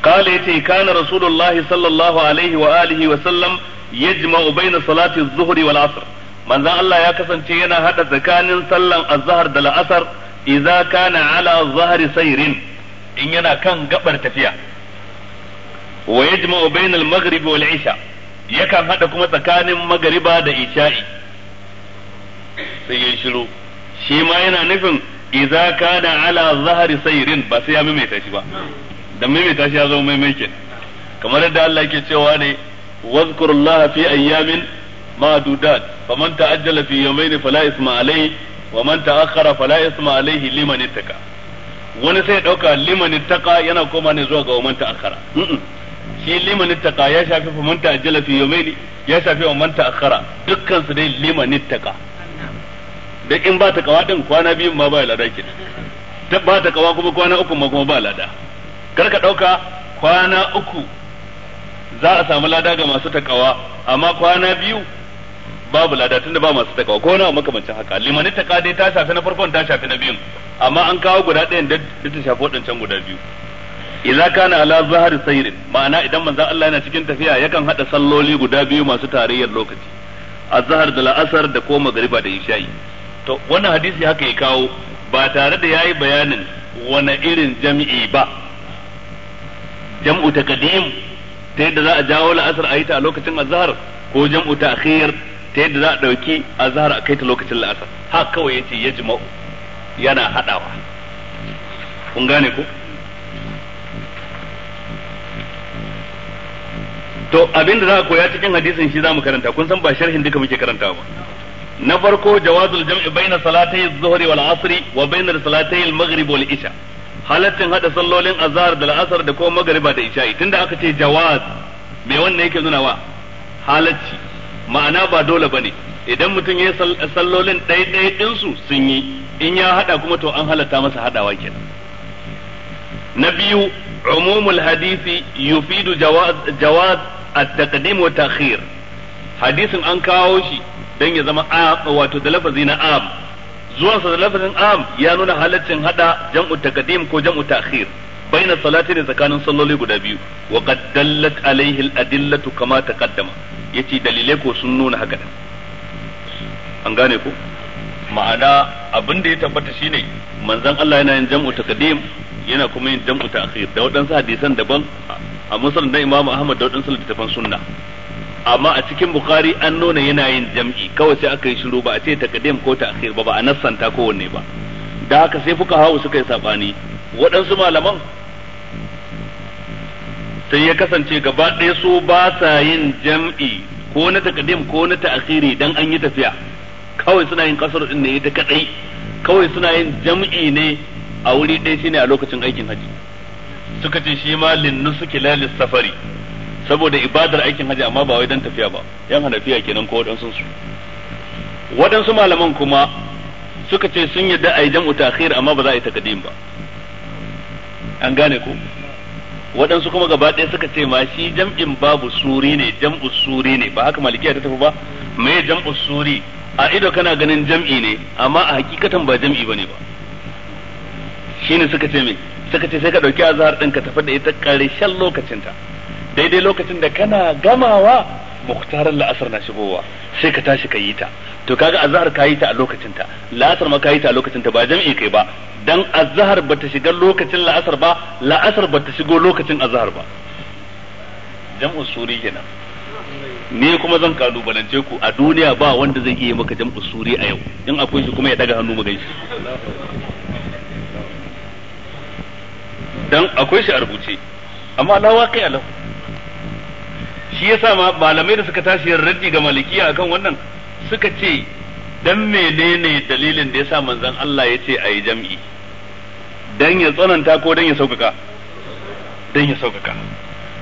kala yace kana rasulullahi sallallahu alaihi wa alihi wa sallam yajma'u baina salati zuhri wal asr manzon Allah ya kasance yana hada tsakanin sallan azhar da al'asr idza kana ala zahri sayrin in yana kan gabar tafiya wa yajma'u baina al-maghrib wal isha yakan hada kuma tsakanin magariba da isha'i sai ya shiru shi ma yana nufin idza kana ala zahari sayrin ba sai ya maimaita shi ba da maimaita shi ya zama maimaike kamar yadda Allah yake cewa ne wazkurullaha fi ayyamin ma'dudat faman ta'ajjala fi yawmayni fala isma alayhi wa man ta'akhkhara fala isma alayhi liman ittaka wani sai dauka liman ittaka yana koma ne zuwa ga man ta'akhkhara shi liman ittaqa ya shafi fa man ta'ajjala fi yawmaini ya shafi wa man ta'akhkhara dukkan su dai liman ittaqa da in ba ta kawa din kwana biyu ma ba lada ki ta ba ta kawa kuma kwana uku ma kuma ba lada kar ka dauka kwana uku za a samu lada ga masu takawa amma kwana biyu babu lada tunda ba masu takawa ko na makamancin haka limani taka dai ta shafi na farkon ta shafi na biyun amma an kawo guda ɗayan da ta shafi waɗancan guda biyu idza kana ala zahari sayrin ma'ana idan manzon Allah yana cikin tafiya yakan hada salloli guda biyu masu tarayyar lokaci azhar da la'asar da ko magriba da isha'i to wannan hadisi haka ya kawo ba tare da yayi bayanin wani irin jami'i ba jam'u taqdim ta yadda za a jawo la'asar a yi ta a lokacin azhar ko jam'u ta'khir ta yadda za a dauki azhar a kai ta lokacin la'asar haka kawai yace yajma'u yana hadawa kun gane ko to abin da za a koya cikin hadisin shi za mu karanta kun san ba sharhin duka muke karanta ba na farko jawazul jam'i baina salatai zuhri wal asri wa baina salatai al maghrib wal isha halattin hada sallolin azhar da al'asar da ko magriba da isha tunda aka ce jawaz me wanne yake nuna wa halacci ma'ana ba dole bane idan mutum ya sallolin ɗaiɗai su sun yi in ya hada kuma to an halatta masa hadawa kenan na biyu umumul hadisi yufidu jawaz jawaz at-taqdim hadisin an kawo shi dan ya zama am wato da lafazi na am zuwan sa da lafazin am ya nuna halaccin haɗa jam'u taqdim ko jam'u ta'khir baina salati da tsakanin salloli guda biyu wa qad dallat kama taqaddama yace dalilai ko sun nuna haka an gane ko ma'ana abin da ya tabbata shine manzon Allah yana yin jam'u taqdim yana kuma yin jam'u ta'khir da waɗansu hadisan daban a musnad na Imam Ahmad da wadansu littafan sunna amma a cikin Bukhari an nuna yanayin jam'i kawai sai aka yi shiru ba a ce taqdim ko ta'khir ba ba a nassanta kowanne ba da haka sai fuka hawo suka yi sabani waɗansu malaman sai ya kasance gaba ɗaya su ba sa yin jam'i ko na taqdim ko na ta'khiri dan an yi tafiya kawai suna yin kasar din ne ita kadai kawai suna yin jam'i ne a wuri ɗaya shine a lokacin aikin hajji suka ce shi ma linnusuki lalis safari saboda ibadar aikin haji amma ba wai dan tafiya ba yan hanafiya kenan ko wadansu su wadansu malaman kuma suka ce sun yadda a yi jam'u ta'khir amma ba za a yi takadim ba an gane ko Wadansu kuma gaba ɗaya suka ce ma shi jam'in babu suri ne jam'u suri ne ba haka malikiya ta tafi ba me jam'u suri a ido kana ganin jam'i ne amma a hakikatan ba jam'i bane ba shine suka ce mai suka ce sai ka dauki azhar din ka tafi da ita karshen lokacinta daidai lokacin da kana gamawa muktarar la'asar na shigowa sai ka tashi ka yi ta to kaga azhar ka yi ta a lokacin ta la'asar ma ka yi ta a lokacin ba jami'i kai ba dan azhar bata shiga lokacin la'asar ba la'asar bata shigo lokacin azhar ba jam'u suri kenan ni kuma zan kalubalance ku a duniya ba wanda zai iya maka jam'u suri a yau in akwai shi kuma ya daga hannu mu gaishe dan akwai shi a rubuce amma la waqi alahu shi yasa ma malamai da suka tashi raddi ga malikiya akan wannan suka ce dan menene dalilin da yasa manzon Allah ya ayi jam'i dan ya tsananta ko dan ya sauƙaƙa dan ya sauƙaƙa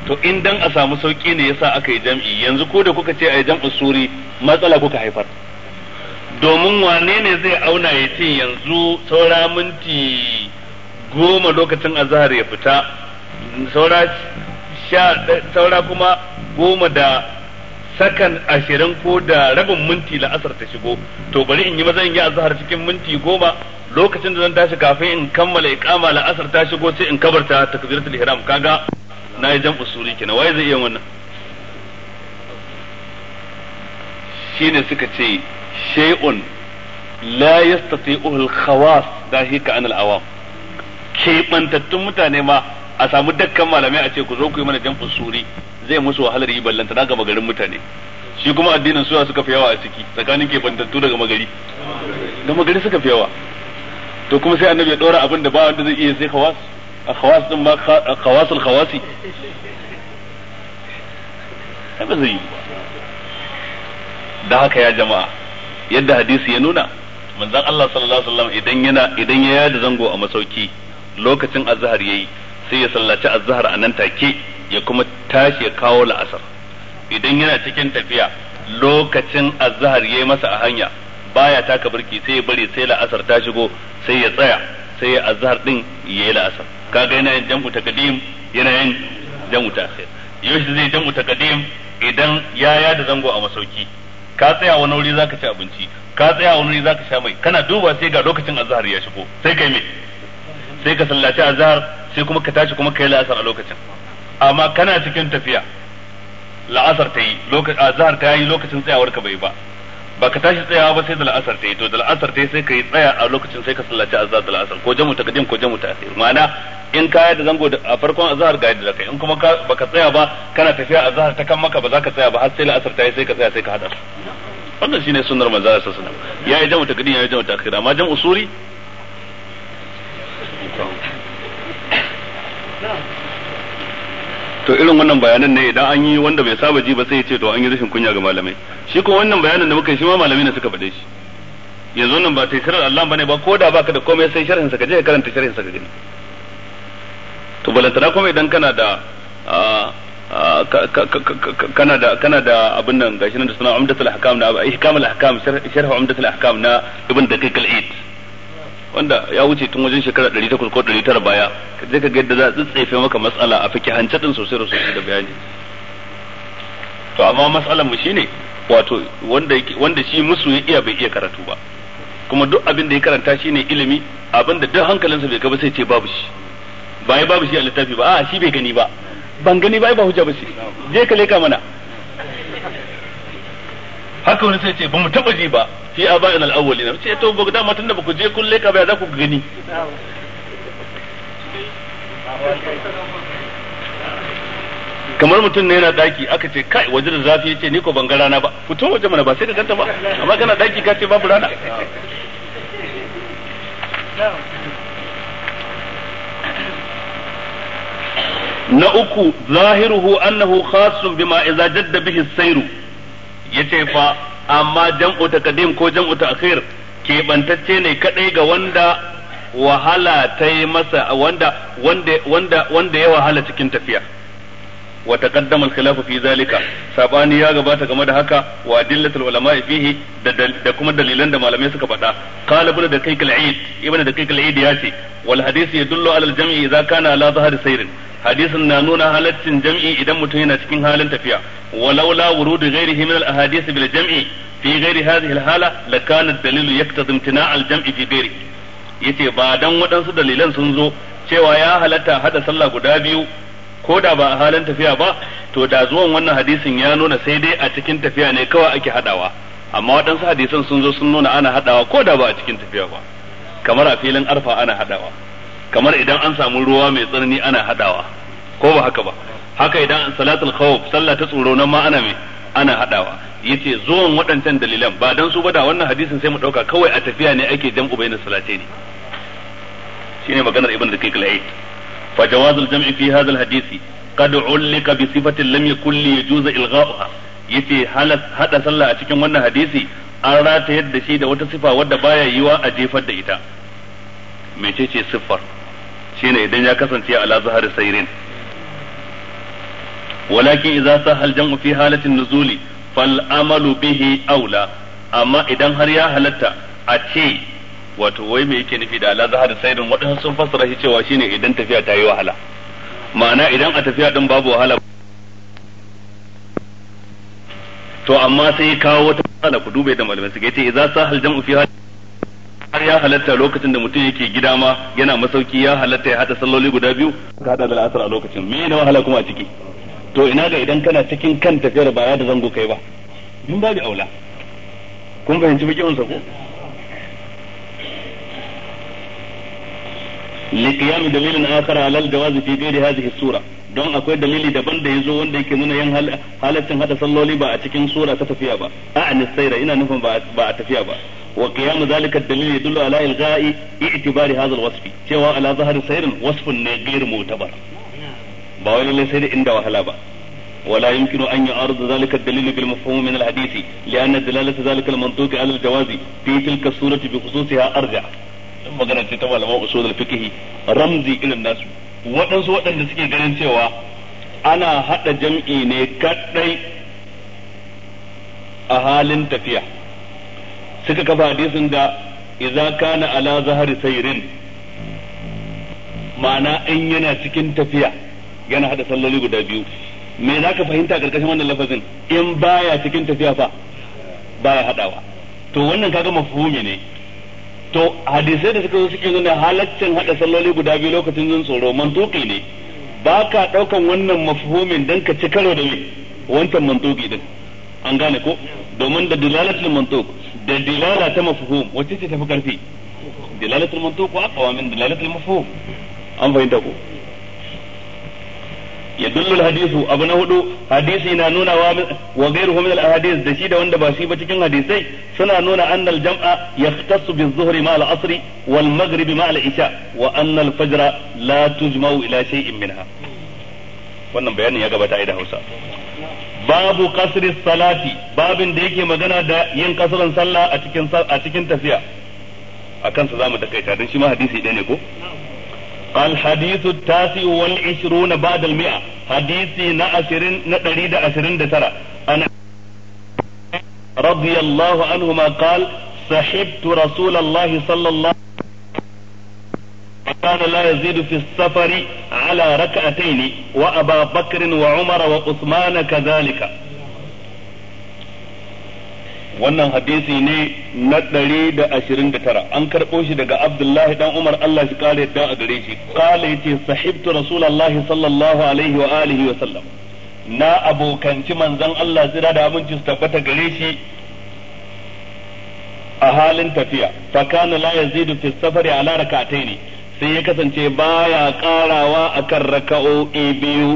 to in dan a samu sauki ne yasa aka yi jam'i yanzu ko da kuka ce ayi jam'in suri matsala kuka haifar domin wane ne zai auna ya ce yanzu saura minti goma lokacin azhar ya fita saura sha saura kuma goma da sakan ashirin ko da rabin minti la'asar ta shigo to bari in yi maza in yi azahar cikin minti goma lokacin da zan tashi kafin in kammala iqama la'asar ta shigo sai in kabarta takbiratul ihram kaga na yi jan usuri kenan waye zai iya wannan shine suka ce shay'un la yastati'uhu al-khawas dahika an al-awam shebantattun mutane ma a samu dakkan malamai a ce ku zo ku yi mana jan suri zai musu wahalar yi ballanta daga gama garin mutane shi kuma addinin suya suka fi yawa a ciki tsakanin ke bantattu daga magari gama gari suka fi yawa to kuma sai annabi ya dora abin da ba wanda zai iya sai khawas a khawas din ma khawasul khawasi ba zai yi da haka ya jama'a yadda hadisi ya nuna manzon Allah sallallahu alaihi wasallam idan yana idan ya yada zango a masauki lokacin azhar yayi sai ya sallaci azhar a nan take ya kuma tashi ya kawo la'asar idan yana cikin tafiya lokacin azhar yayi masa a hanya baya taka birki sai ya bari sai la'asar ta shigo sai ya tsaya sai ya azhar din yayi la'asar kaga yana yin jam'u taqdim yana yin jam'u ta'khir yaushe zai jam'u taqdim idan ya yada zango a masauki ka tsaya wani wuri zaka ci abinci ka tsaya wani wuri zaka sha mai kana duba sai ga lokacin azhar ya shigo sai kai mai. sai ka sallaci azhar sai kuma ka tashi kuma ka yi la'asar a lokacin amma kana cikin tafiya la'asar ta yi a azhar ta yi lokacin tsayawar ka bai ba ba ka tashi tsayawa ba sai da la'asar ta yi to da la'asar ta yi sai ka yi tsaya a lokacin sai ka sallaci azhar da la'asar ko jamu gadin ko jamu ta'khir ma'ana in ka yi da zango a farkon azhar ga da kai in kuma baka tsaya ba kana tafiya azhar ta kan maka ba za ka tsaya ba har sai la'asar ta yi sai ka tsaya sai ka hada wannan shine sunnar manzo sallallahu alaihi wasallam ya yi jamu taqdim ya yi jamu ta'khir amma jamu usuri kukan to irin wannan bayanan ne idan an yi wanda bai saba ji ba sai ya ce to an yi rashin kunya ga malamai shi kuma wannan bayanan da muka yi shi ma malamai ne suka faɗe shi yanzu nan ba tafsirar Allah bane ba ko da baka da komai sai sharhin sa ka je ka karanta sharhin sa ka gani to balantana kuma idan kana da kana da kana da abin nan gashi nan da suna umdatul ahkam na ihkamul ahkam sharh umdatul ahkam na ibn daqiq al-eid wanda ya wuce tun wajen shekara 800 ko 900 baya kaje ka ga yadda za a tsitsefe maka matsala a fiki hance din sosai da sosai da bayani to amma matsalar mu shine wato wanda wanda shi musu ya iya bai iya karatu ba kuma duk abin da ya karanta shine ilimi abin da duk hankalinsa bai gaba sai ce babu shi ba ya babu shi a littafi ba a shi bai gani ba ban gani ba ba hujja ba shi je ka leka mana haka wani sai ce ba mu taba ji ba fi aba'in al'awali na sai to ba dama tunda ba ku je kun leka ba za ku gani kamar mutum ne yana daki aka ce kai waje da zafi yace ni ko ban ga rana ba fito waje mana ba sai ka ganta ba amma kana daki ka ce babu rana na uku zahiruhu annahu khassun bima idza jadda bihi sayru yace fa amma jam'u taqdim ko jam'u ta'khir keɓantacce ne kadai ga wanda wahala ta yi masa wanda wanda wanda ya wahala cikin tafiya wa taqaddama al-khilafu fi zalika sabani ya gabata game da haka wa adillatul ulama fihi da kuma dalilan da malamai suka faɗa qala ibn daqiq al-eid ibn daqiq al-eid ya ce wal hadith yadullu ala al-jam'i idza kana ala dhahri sayrin hadisin na nuna halaccin jam'i idan mutum yana cikin halin tafiya walaula wurudu ghairihi min al-ahadith bil jam'i fi ghairi hadhihi hala lakana ad-dalilu yaktazi imtina' al-jam'i fi ghairihi yace ba dan waɗansu dalilan sun zo cewa ya halatta hada sallah guda biyu ko da ba a halin tafiya ba to da zuwan wannan hadisin ya nuna sai dai a cikin tafiya ne kawai ake hadawa amma waɗansu hadisan sun zo sun nuna ana hadawa ko da ba a cikin tafiya ba kamar a filin arfa ana hadawa kamar idan an samu ruwa mai tsanani ana hadawa ko ba haka ba haka idan salatul khawf sallah ta tsoro nan ma ana me ana hadawa yace zuwan waɗancan dalilan ba dan su ba da wannan hadisin sai mu dauka kawai a tafiya ne ake jam'u bayna Shi shine maganar ibn dakiq al فجواز الجمع في هذا bi قد علق بصفة لم يكن ليجوز إلغاؤها yace hada sallah a cikin wannan hadisi an ratayar da shi da wata sifa wadda baya yiwa a jefar da ita mecece siffar shine idan ya kasance ala zahar sayrin walakin idza sahha al-jam'u fi halatin nuzuli fal amalu bihi aula amma idan har ya halatta a ce wato wai me yake nufi da ala zahar saidin waɗansu sun fassara shi cewa shine idan tafiya ta yi wahala ma'ana idan a tafiya din babu wahala to amma sai ya kawo wata matsala ku dube da malamai su ce idza sahal jam'u fi har ya halatta lokacin da mutum yake gida ma yana masauki ya halatta ya hada salloli guda biyu ka hada da al'asar a lokacin me ne wahala kuma a ciki to ina ga idan kana cikin kan tafiyar ba ya da zango kai ba mun babu aula kun fahimci bikin sa ko لقيام دليل اخر على الجواز في غير هذه السوره don akwai dalili daban da ya zo wanda yake nuna yin halaccin hada salloli ba a cikin sura ta tafiya ba a anisaira ina nufin ba a tafiya ba wa qiyamu zalika dalili dullu ala ilga'i i'tibari hadha alwasf cewa ala zahiri sayrin wasfun ne ghair mu'tabar ba wai lalle da inda wahala ba ولا يمكن أن يعارض ذلك الدليل بالمفهوم من الحديث لأن دلالة ذلك المنطوق على الجواز fitilka تلك السورة بخصوصها arga. magana ce ta malaman usulul fiqh ramzi irin nasu waɗansu waɗanda suke ganin cewa ana hada jam'i ne kadai a halin tafiya suka kafa hadisin da idza kana ala zahari sayrin ma'ana in yana cikin tafiya yana hada salloli guda biyu me za ka fahimta karkashin wannan lafazin in baya cikin tafiya fa baya haɗawa to wannan kaga mafhumi ne to hadisai da suka zo suke nuna halaccin hada salloli guda biyu lokacin jin tsoro mantuki ne ba ka daukan wannan mafhumin dan ka ci karo da me wancan mantuki din an gane ko domin da dilalatul mantuk da dilala ta mafhum wacce ce tafi karfi dilalatul mantuk wa qawamin min dilalatul mafhum an fahimta ko yadullu alhadithu abu na hudu hadisi na nuna wa wa ghayruhu min da shi da wanda ba shi ba cikin hadisai suna nuna anna aljam'a yahtassu bizuhri ma al-asri wal maghribi ma al-isha wa anna al-fajra la tujma'u ila shay'in minha wannan bayanin ya gabata a da Hausa babu kasri salati babin da yake magana da yin kasran sallah a cikin a cikin tafiya akan sa zamu dan shi ma hadisi ɗaya ne ko الحديث التاسع والعشرون بعد المئة حديثي نأسرين نتريد أسرين دسرة أنا رضي الله عنهما قال صحبت رسول الله صلى الله كان لا يزيد في السفر على ركعتين وأبا بكر وعمر وعثمان كذلك wannan hadisi ne na ɗari da ashirin da tara an karɓo shi daga abdullahi dan umar allah shi kare yadda a gare shi kala yace sahibtu rasulallahi sallallahu alaihi wa alihi wa sallam na abokanci manzon allah tsira da abinci su tabbata gare shi a halin tafiya fa kana la yazidu fi safari ala rak'ataini sai ya kasance baya karawa akan raka'o'i biyu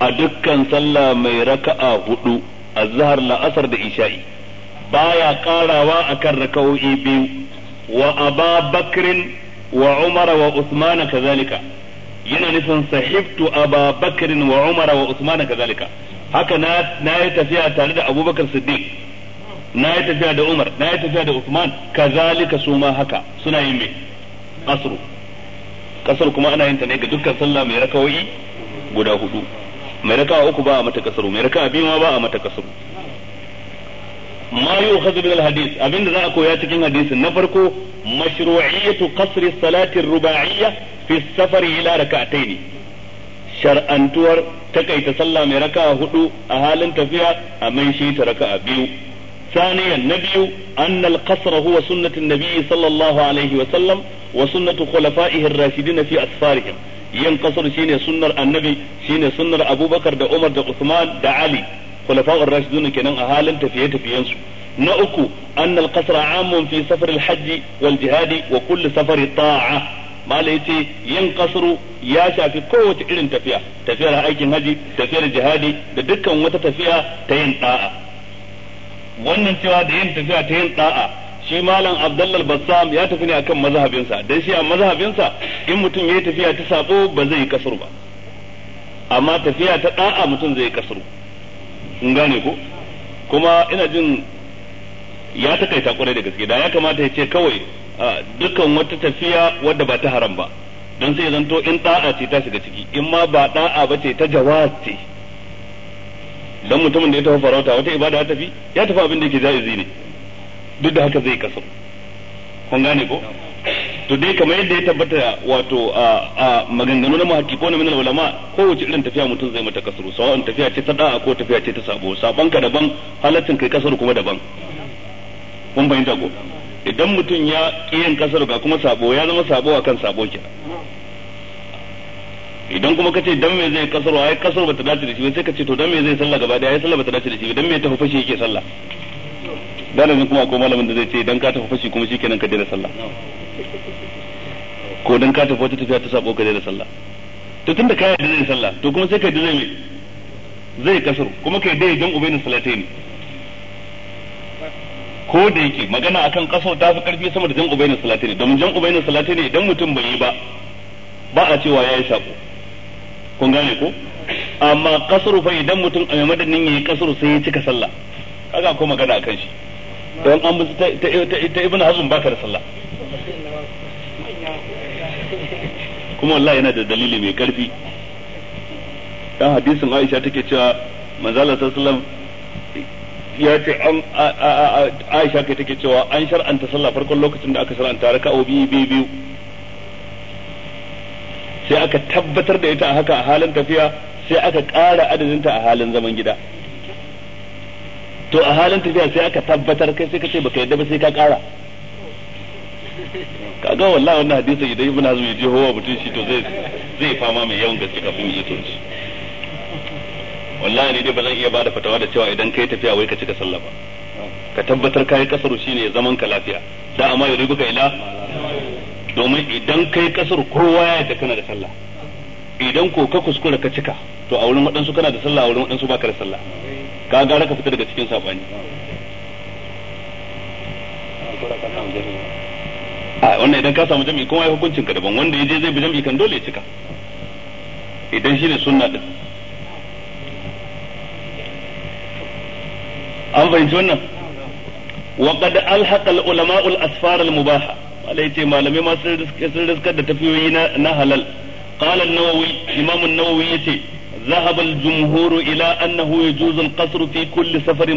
a dukkan sallah mai raka'a hudu azhar la'asar da isha'i baya karawa akan raka'o'i biyu wa aba bakrin wa umara wa usmana kazalika yana nufin sahibtu aba bakrin wa umara wa usmana kazalika haka na na yi tafiya tare da abubakar siddiq na yi tafiya da umar na yi tafiya da usman kazalika su ma haka suna yin mai. asru kasar kuma ana yin ta ne ga dukkan sallah mai raka'o'i guda hudu mai raka'a uku ba a mata kasaru mai raka'a biyu ma ba a mata kasaru ma yu'khadhu bil hadith abinda za a koya cikin hadisin na farko mashru'iyatu qasri salati ar-ruba'iyya fi safar ila rak'atayn shar'antuwar takaita sallah mai raka'a hudu a halin tafiya a man shi ta raka'a biyu ثانيا نبي أن القصر هو سنة النبي صلى الله عليه وسلم وسنة خلفائه الراشدين في أسفارهم yin kasar shine sunnar annabi shine sunnar abubakar da umar da usman da ali khulafa'ur rashidun kenan a halin tafiye tafiyen su na uku annal qasr amun fi safar al wal wa kulli safari ta'a mala yace yin kasru ya shafi kowace irin tafiya tafiyar aikin haji tafiyar jihadi da dukkan wata tafiya ta yin da'a wannan cewa da yin tafiya ta yin da'a shi malam abdullal bassam ya tafi ne akan mazhabinsa dan shi a mazhabinsa in mutum ya tafiya ta sabo ba zai yi kasar ba amma tafiya ta da'a mutum zai yi kun gane ko kuma ina jin ya takaita kwarai da gaske da ya kamata ya ce kawai dukkan wata tafiya wadda ba ta haram ba don sai zanto in da'a ce ta shiga ciki in ma ba da'a ba ce ta jawaz ce dan mutumin da ya tafi farauta wata ibada ya tafi ya tafi abin da yake jaizi ne duk da haka zai kasu kun gane ko to dai kamar yadda ya tabbata wato a maganganu na mahaki ko na minal ulama kowace irin tafiya mutum zai mata kasaru sawa'un tafiya ce ta da'a ko tafiya ce ta sabo saban ka daban halaccin kai kasaru kuma daban kun bayyana ko idan mutum ya kiyan kasaru ga kuma sabo ya zama sabo akan sabo kenan idan kuma kace dan me zai kasaru ai kasaru bata dace da shi sai kace to dan me zai sallah gaba daya ai sallah bata dace da shi dan me ta fashi yake sallah galibin kuma akwai malamin da zai ce dan ka tafi fashi kuma shikenan ka daina sallah ko dan ka tafi wata tafiya ta sabo ka daina sallah to tunda ka yarda zai sallah to kuma sai ka yarda zai zai kasar kuma ka yarda dan salatai ne ko da yake magana akan kaso ta fi karfi sama da jan salatai ne domin jan salatai ne idan mutum bai yi ba ba a cewa yayi sako kun gane ko amma kasar fa idan mutum a madadin yayi kasar sai ya cika sallah kaga ko magana akan shi don an bi ta ibn hazm baka da sallah kuma wallahi yana da dalili mai karfi dan hadisin Aisha take cewa Allah sallallahu ya ce an Aisha kai take cewa an shar'anta sallah farkon lokacin da aka shar'anta raka'o biyu biyu biyu sai aka tabbatar da ita a haka a halin tafiya sai aka ƙara adadinta a halin zaman gida to a halin tafiya sai aka tabbatar kai sai ka ce baka yadda ba sai ka kara kaga wallahi wannan hadisin idan ibn azmi ya je hawa mutum shi to zai zai fama mai yawan gaske kafin ya to shi wallahi ne dai ba zan iya bada fatawa da cewa idan kai tafiya wai ka cika sallah ba ka tabbatar kai kasaru shine zaman ka lafiya da amma yuri buka ila domin idan kai kasar kowa ya yadda kana da sallah idan ko ka kuskura ka cika to a wurin waɗansu kana da sallah a wurin waɗansu baka da sallah ka gara ka fita daga cikin sabani a wannan idan ka samu jami'i kuma ya hukuncin ka daban wanda yaje zai bi jami'i kan dole ya cika idan ne suna din an fahimci wannan wa qad alhaqa ulama al asfar al mubaha malai ce malamai ma sun riskar da tafiyoyi na halal qala nawawi imam nawawi ya ce. ذهب الجمهور إلى أنه يجوز القصر في كل سفر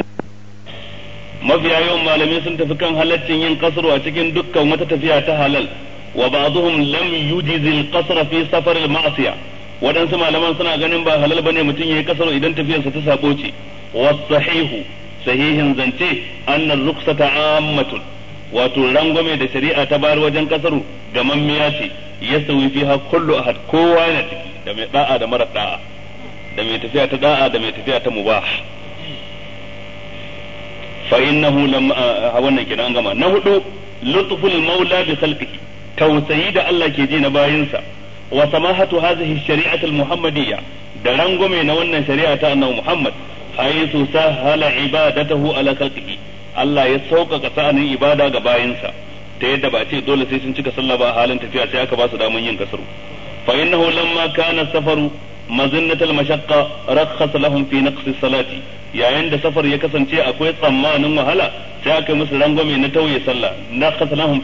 mafiya yawan malamai sun tafi kan halarci yin kasar a cikin dukkan wata tafiya ta halal wa ba'dhum lam yujiz al fi safar al wadansu malaman suna ganin ba halal bane mutum yayi kasar idan tafiyarsa ta sabo ce wa sahihu sahihin zance annar rukhsata ammatun wato rangwame da shari'a ta bayar wajen kasar da gamammiya ce yasawi fiha kullu ahad kowa yana ciki da mai da mara da'a da mai tafiya ta da'a da mai tafiya ta mubah fa innahu lam a wannan kenan an gama na hudu lutful maula bi khalqihi tausayi da Allah ke ji na bayinsa wa samahatu hadhihi shari'atu al-muhammadiyya da rangume na wannan shari'a ta annabi Muhammad haythu sahala da ala khalqihi Allah ya sauƙaƙa sa'anin ibada ga bayinsa ta yadda ba ce dole sai sun cika sallah ba halin tafiya sai aka ba su daman yin kasaru fa innahu lamma kana safaru mazunnatul mashaqqa rakhasa yayin da safar ya kasance akwai tsammanin wahala sai rangwame na tauye sallah na lahum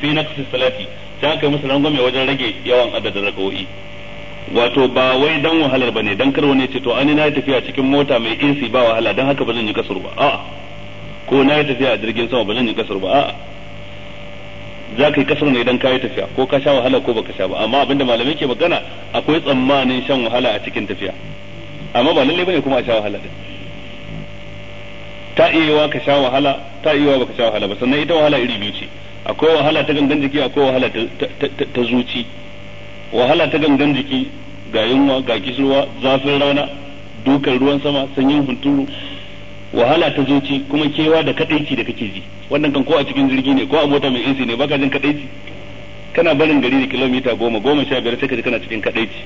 rangwame wajen rage yawan wato ba wai dan wahalar bane dan kar wani ce to ani na tafiya cikin mota mai AC ba wahala dan haka ba zan yi kasar ba a'a ko na tafiya a jirgin sama ba zan yi kasar ba a'a za ka yi kasar ne idan ka yi tafiya ko ka sha wahala ko baka sha ba amma abinda malamai ke magana akwai tsammanin shan wahala a cikin tafiya amma ba lallai bane kuma a sha wahala din ta iya ka sha wahala ta iya baka sha wahala ba sannan ita wahala iri biyu ce akwai wahala ta gangan jiki akwai wahala ta zuci wahala ta gangan jiki ga yunwa ga kishirwa zafin rana dukan ruwan sama sanyin hunturu wahala ta ci kuma kewa da kadaici da kake ji wannan kan ko a cikin jirgi ne ko a mota mai AC ne baka jin kadaici kana barin gari da kilomita goma goma sha biyar sai ka ji kana cikin kadaici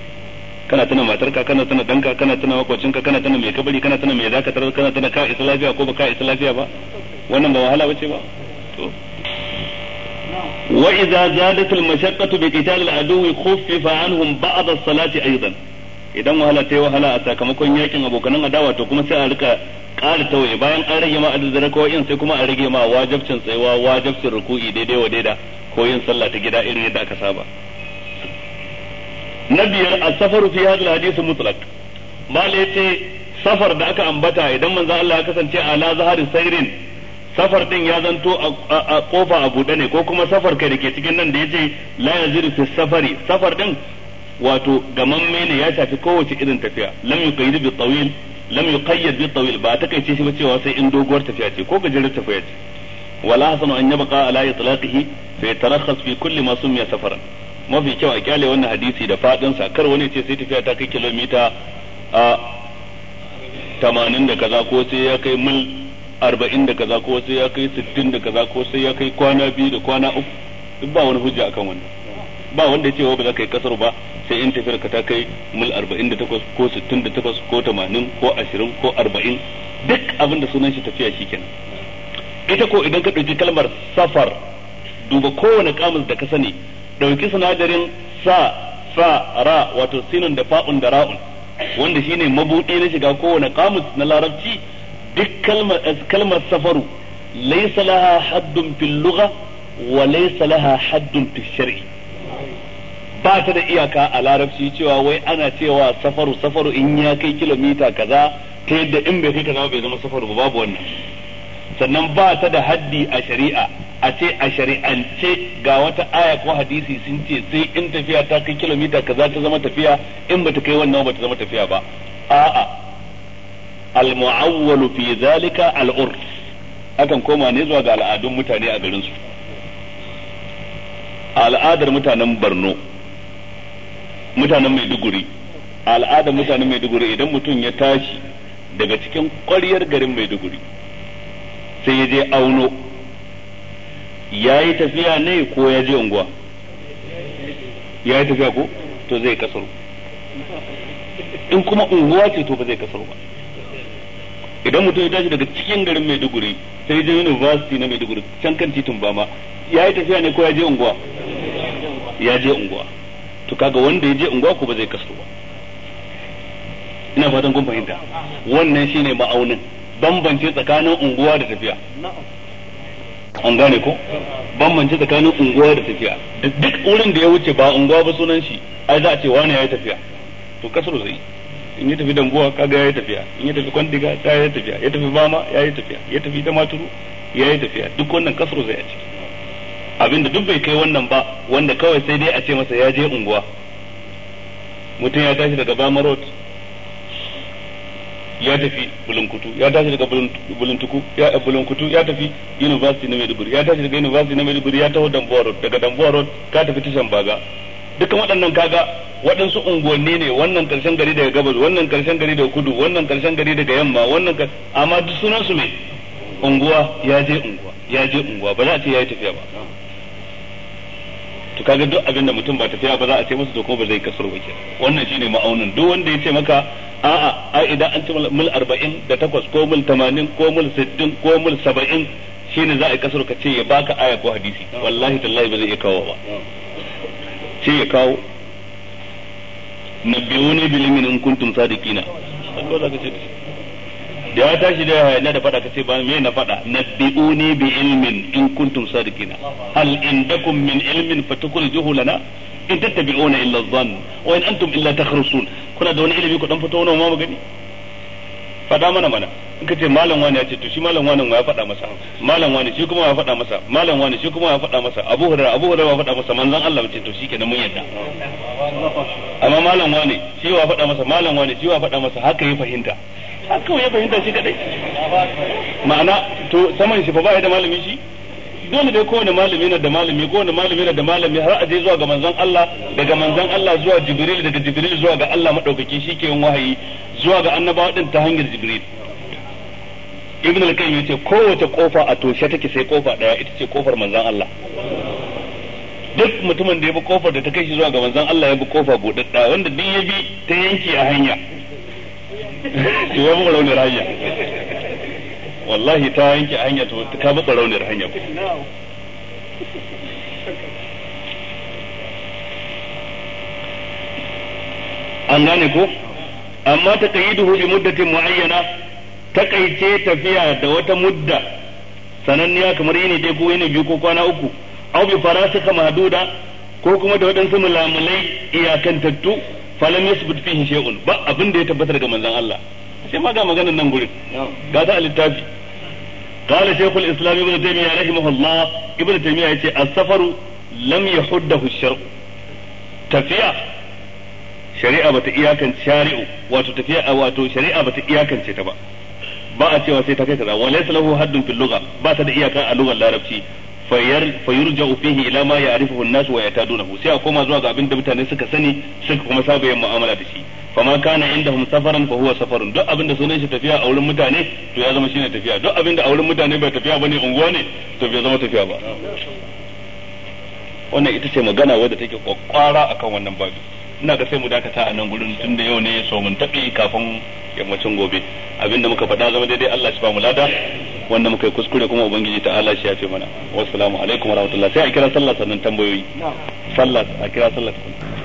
kana tana matarka kana tana danka kana tana makwacinka kana tana mai kabari kana tana mai dakatar kana tana ka isa lafiya ko ba ka isa lafiya ba wannan ba wahala bace ba to wa idza zadat al mashaqqatu bi qital al adu khuffifa anhum ba'd as salati aidan idan wahala ta yi wahala a sakamakon yakin abokanan adawa to kuma sai a rika ƙara tawaye bayan an rage ma ko in sai kuma a rage ma wajabcin tsayuwa wajabcin ruku'i daidai wa daida ko yin sallah ta gida irin yadda aka saba na biyar a safaru fi hadal hadisi mutlak mala yace safar da aka ambata idan manzo Allah ya kasance a la zaharin sairin safar din ya zanto a kofa a buɗe ne ko kuma safar kai da ke cikin nan da yace la yaziru fi safari safar din wato gamamme ne ya shafi kowace irin tafiya lam yuqayyid bi tawil lam yuqayyad bi tawil ba ta kaice shi ba cewa sai in doguwar tafiya ce ko gajerar tafiya ce wala hasanu an yabqa ala itlaqihi fa yatarakhas fi kulli ma sumiya safaran mafi kyau a kyale wannan hadisi da fadin sa kar wani ce sai tafiya ta kai kilomita a tamanin da kaza ko sai ya kai mil arba'in da kaza ko sai ya kai sittin da kaza ko sai ya kai kwana biyu da kwana uku duk ba wani hujja akan wannan ba wanda ya ce wa ba za ka yi kasar ba sai in tafiyar ka ta kai mil 48 ko 68 ko 80 ko 20 ko 40 duk abin da sunan shi tafiya kenan ita ko idan ka ɗauki kalmar safar duba kowane kamus da ka sani ɗauki sinadarin sa fa ra wato sinun da fa'un da ra'un wanda shine mabuɗi na shiga kowane kamus na larabci duk kalmar eh, kalmar safaru laysa laha haddun fil lugha wa laysa laha haddun fil shar'i ba ta da iyaka a larabci cewa wai ana cewa safaru safaru in ya kai kilomita kaza ta yadda in bai kai kaza bai zama safaru ba babu wannan sannan ba ta da haddi a shari'a a ce a shari'ance ga wata aya ko hadisi sun ce sai in tafiya ta kai kilomita kaza ta zama tafiya in bata kai wannan ba ta zama tafiya ba a'a al fi zalika al'ur. akan koma ne zuwa ga al'adun mutane a garin su al'adar mutanen Borno mutanen Maiduguri al'ada mutanen Maiduguri idan mutum ya tashi daga cikin ƙwaryar garin Maiduguri sai ya je auno ya yi tafiya ne ko ya je unguwa ya yi tafiya ko to zai kasaru in kuma unguwa ce to ba zai kasaru ba idan mutum ya tashi daga cikin garin Maiduguri sai je university na Maiduguri can kan titin ba ma ya yi tafiya ne ko ya je unguwa ya je unguwa to kaga wanda ya je unguwa ko ba zai kasu ba ina fatan kun fahimta wannan shine ma'aunin bambance tsakanin unguwa da tafiya an gane ko bambance tsakanin unguwa da tafiya duk wurin da ya wuce ba unguwa ba sunan shi ai za a ce wani yayi tafiya to kasar zai in ya tafi dambuwa kaga yayi tafiya in ya tafi kwandiga ta yayi tafiya ya tafi bama yayi tafiya ya tafi da maturu yayi tafiya duk wannan kasar zai a ciki abinda duk bai kai wannan ba wanda kawai sai dai a ce masa ya je unguwa mutum ya tashi daga bama road ya tafi bulunkutu ya tashi daga buluntuku ya bulunkutu ya tafi university na Maiduguri ya tashi daga university na Maiduguri ya taho Dambuwa road daga Dambuwa road ka tafi tushen baga dukan waɗannan kaga waɗansu unguwanni ne wannan karshen gari daga gabas wannan karshen gari daga kudu wannan karshen gari daga yamma wannan amma duk sunan su ne unguwa ya je unguwa ya je unguwa ba za a ce ya yi tafiya ba to kaga duk abin da mutum ba tafiya ba za a ce masa to kuma ba zai kasar ba wannan shine ma'aunin duk wanda ya ce maka a a ai idan an ci mil 40 da takwas ko mil 80 ko mil 60 ko mil 70 shine za a yi kasar ka ce ya baka aya ko hadisi wallahi tallahi ba zai iya kawo ba ce ya kawo nabiyuni bil min kuntum sadiqina ko za ka ce da ya tashi da hayaniya da fada kace ba me na fada nabbi'uni bi ilmin in kuntum sadiqina hal indakum min ilmin fatukhrijuhu lana in tattabi'una illa dhann wa in antum illa takhrusun kuna da wani ilimi ku dan fito wannan mamu gani. fada mana mana in kace malam wani ya ce to shi malam wani ya fada masa malam wani shi kuma ya fada masa malam wani shi kuma ya fada masa abu hurairah abu hurairah ya fada masa manzon Allah ce to shikenan mun yadda amma malam wani shi ya fada masa malam wani shi ya fada masa haka ya fahimta a kawai ya fahimta shi kadai ma'ana to saman shi fa ba da malami shi dole dai kowane malami na da malami kowane malami na da malami har a je zuwa ga manzon Allah daga manzon Allah zuwa Jibril daga Jibril zuwa ga Allah madaukaki shike yin wahayi zuwa ga annabawa din ta hanyar Jibril Ibn al-Qayyim yace kowace kofa a toshe take sai kofa daya ita ce kofar manzon Allah duk mutumin da ya bi kofar da ta kai shi zuwa ga manzon Allah ya bi kofa budadda wanda duk ya bi ta yanke a hanya ya buga raunin hanya wallahi ta yanke hanya to ta buga raunin hanya an gane ko amma ta qayyiduhu bi muddatin muayyana ta kaice tafiya da wata mudda sananniya kamar yini dai ko yini biyu ko kwana uku au bi farasika mahduda ko kuma da waɗansu mulamulai iyakantattu falan yasbut fihi shay'un ba abin da ya tabbata daga manzon Allah sai ma ga maganar nan gurin ga ta alittafi قال شيخ الاسلام ابن تيميه رحمه الله ابن تيميه yace as lam yahuddahu sharu tafiya shari'a bata iyakan shari'u wato tafiya wato shari'a bata ta ba ba a cewa sai ta kai kaza walaysa lahu haddun fil ta da iyaka a lugar larabci fayurja'u fihi ila ma ya'rifuhu an-nas wa yatadunahu sai a koma zuwa ga abin da mutane suka sani suka kuma saba yin mu'amala da shi fama kana indahum safaran fa huwa safarun duk abin da sunan shi tafiya a wurin mutane to ya zama shine tafiya duk abin da a wurin mutane bai tafiya bane unguwa ne to bai zama tafiya ba wannan ita ce magana wadda take kokkwara akan wannan babu ina ga sai mu dakata a nan gurin tun da yau ne so mun tafi kafin yammacin gobe abinda muka faɗa zama daidai Allah shi ba mu lada wanda muka yi kuskure kuma ubangiji ta Allah shi ya ce mana wassalamu alaikum warahmatullahi sai a kira sallah sannan tambayoyi sallah a kira sallah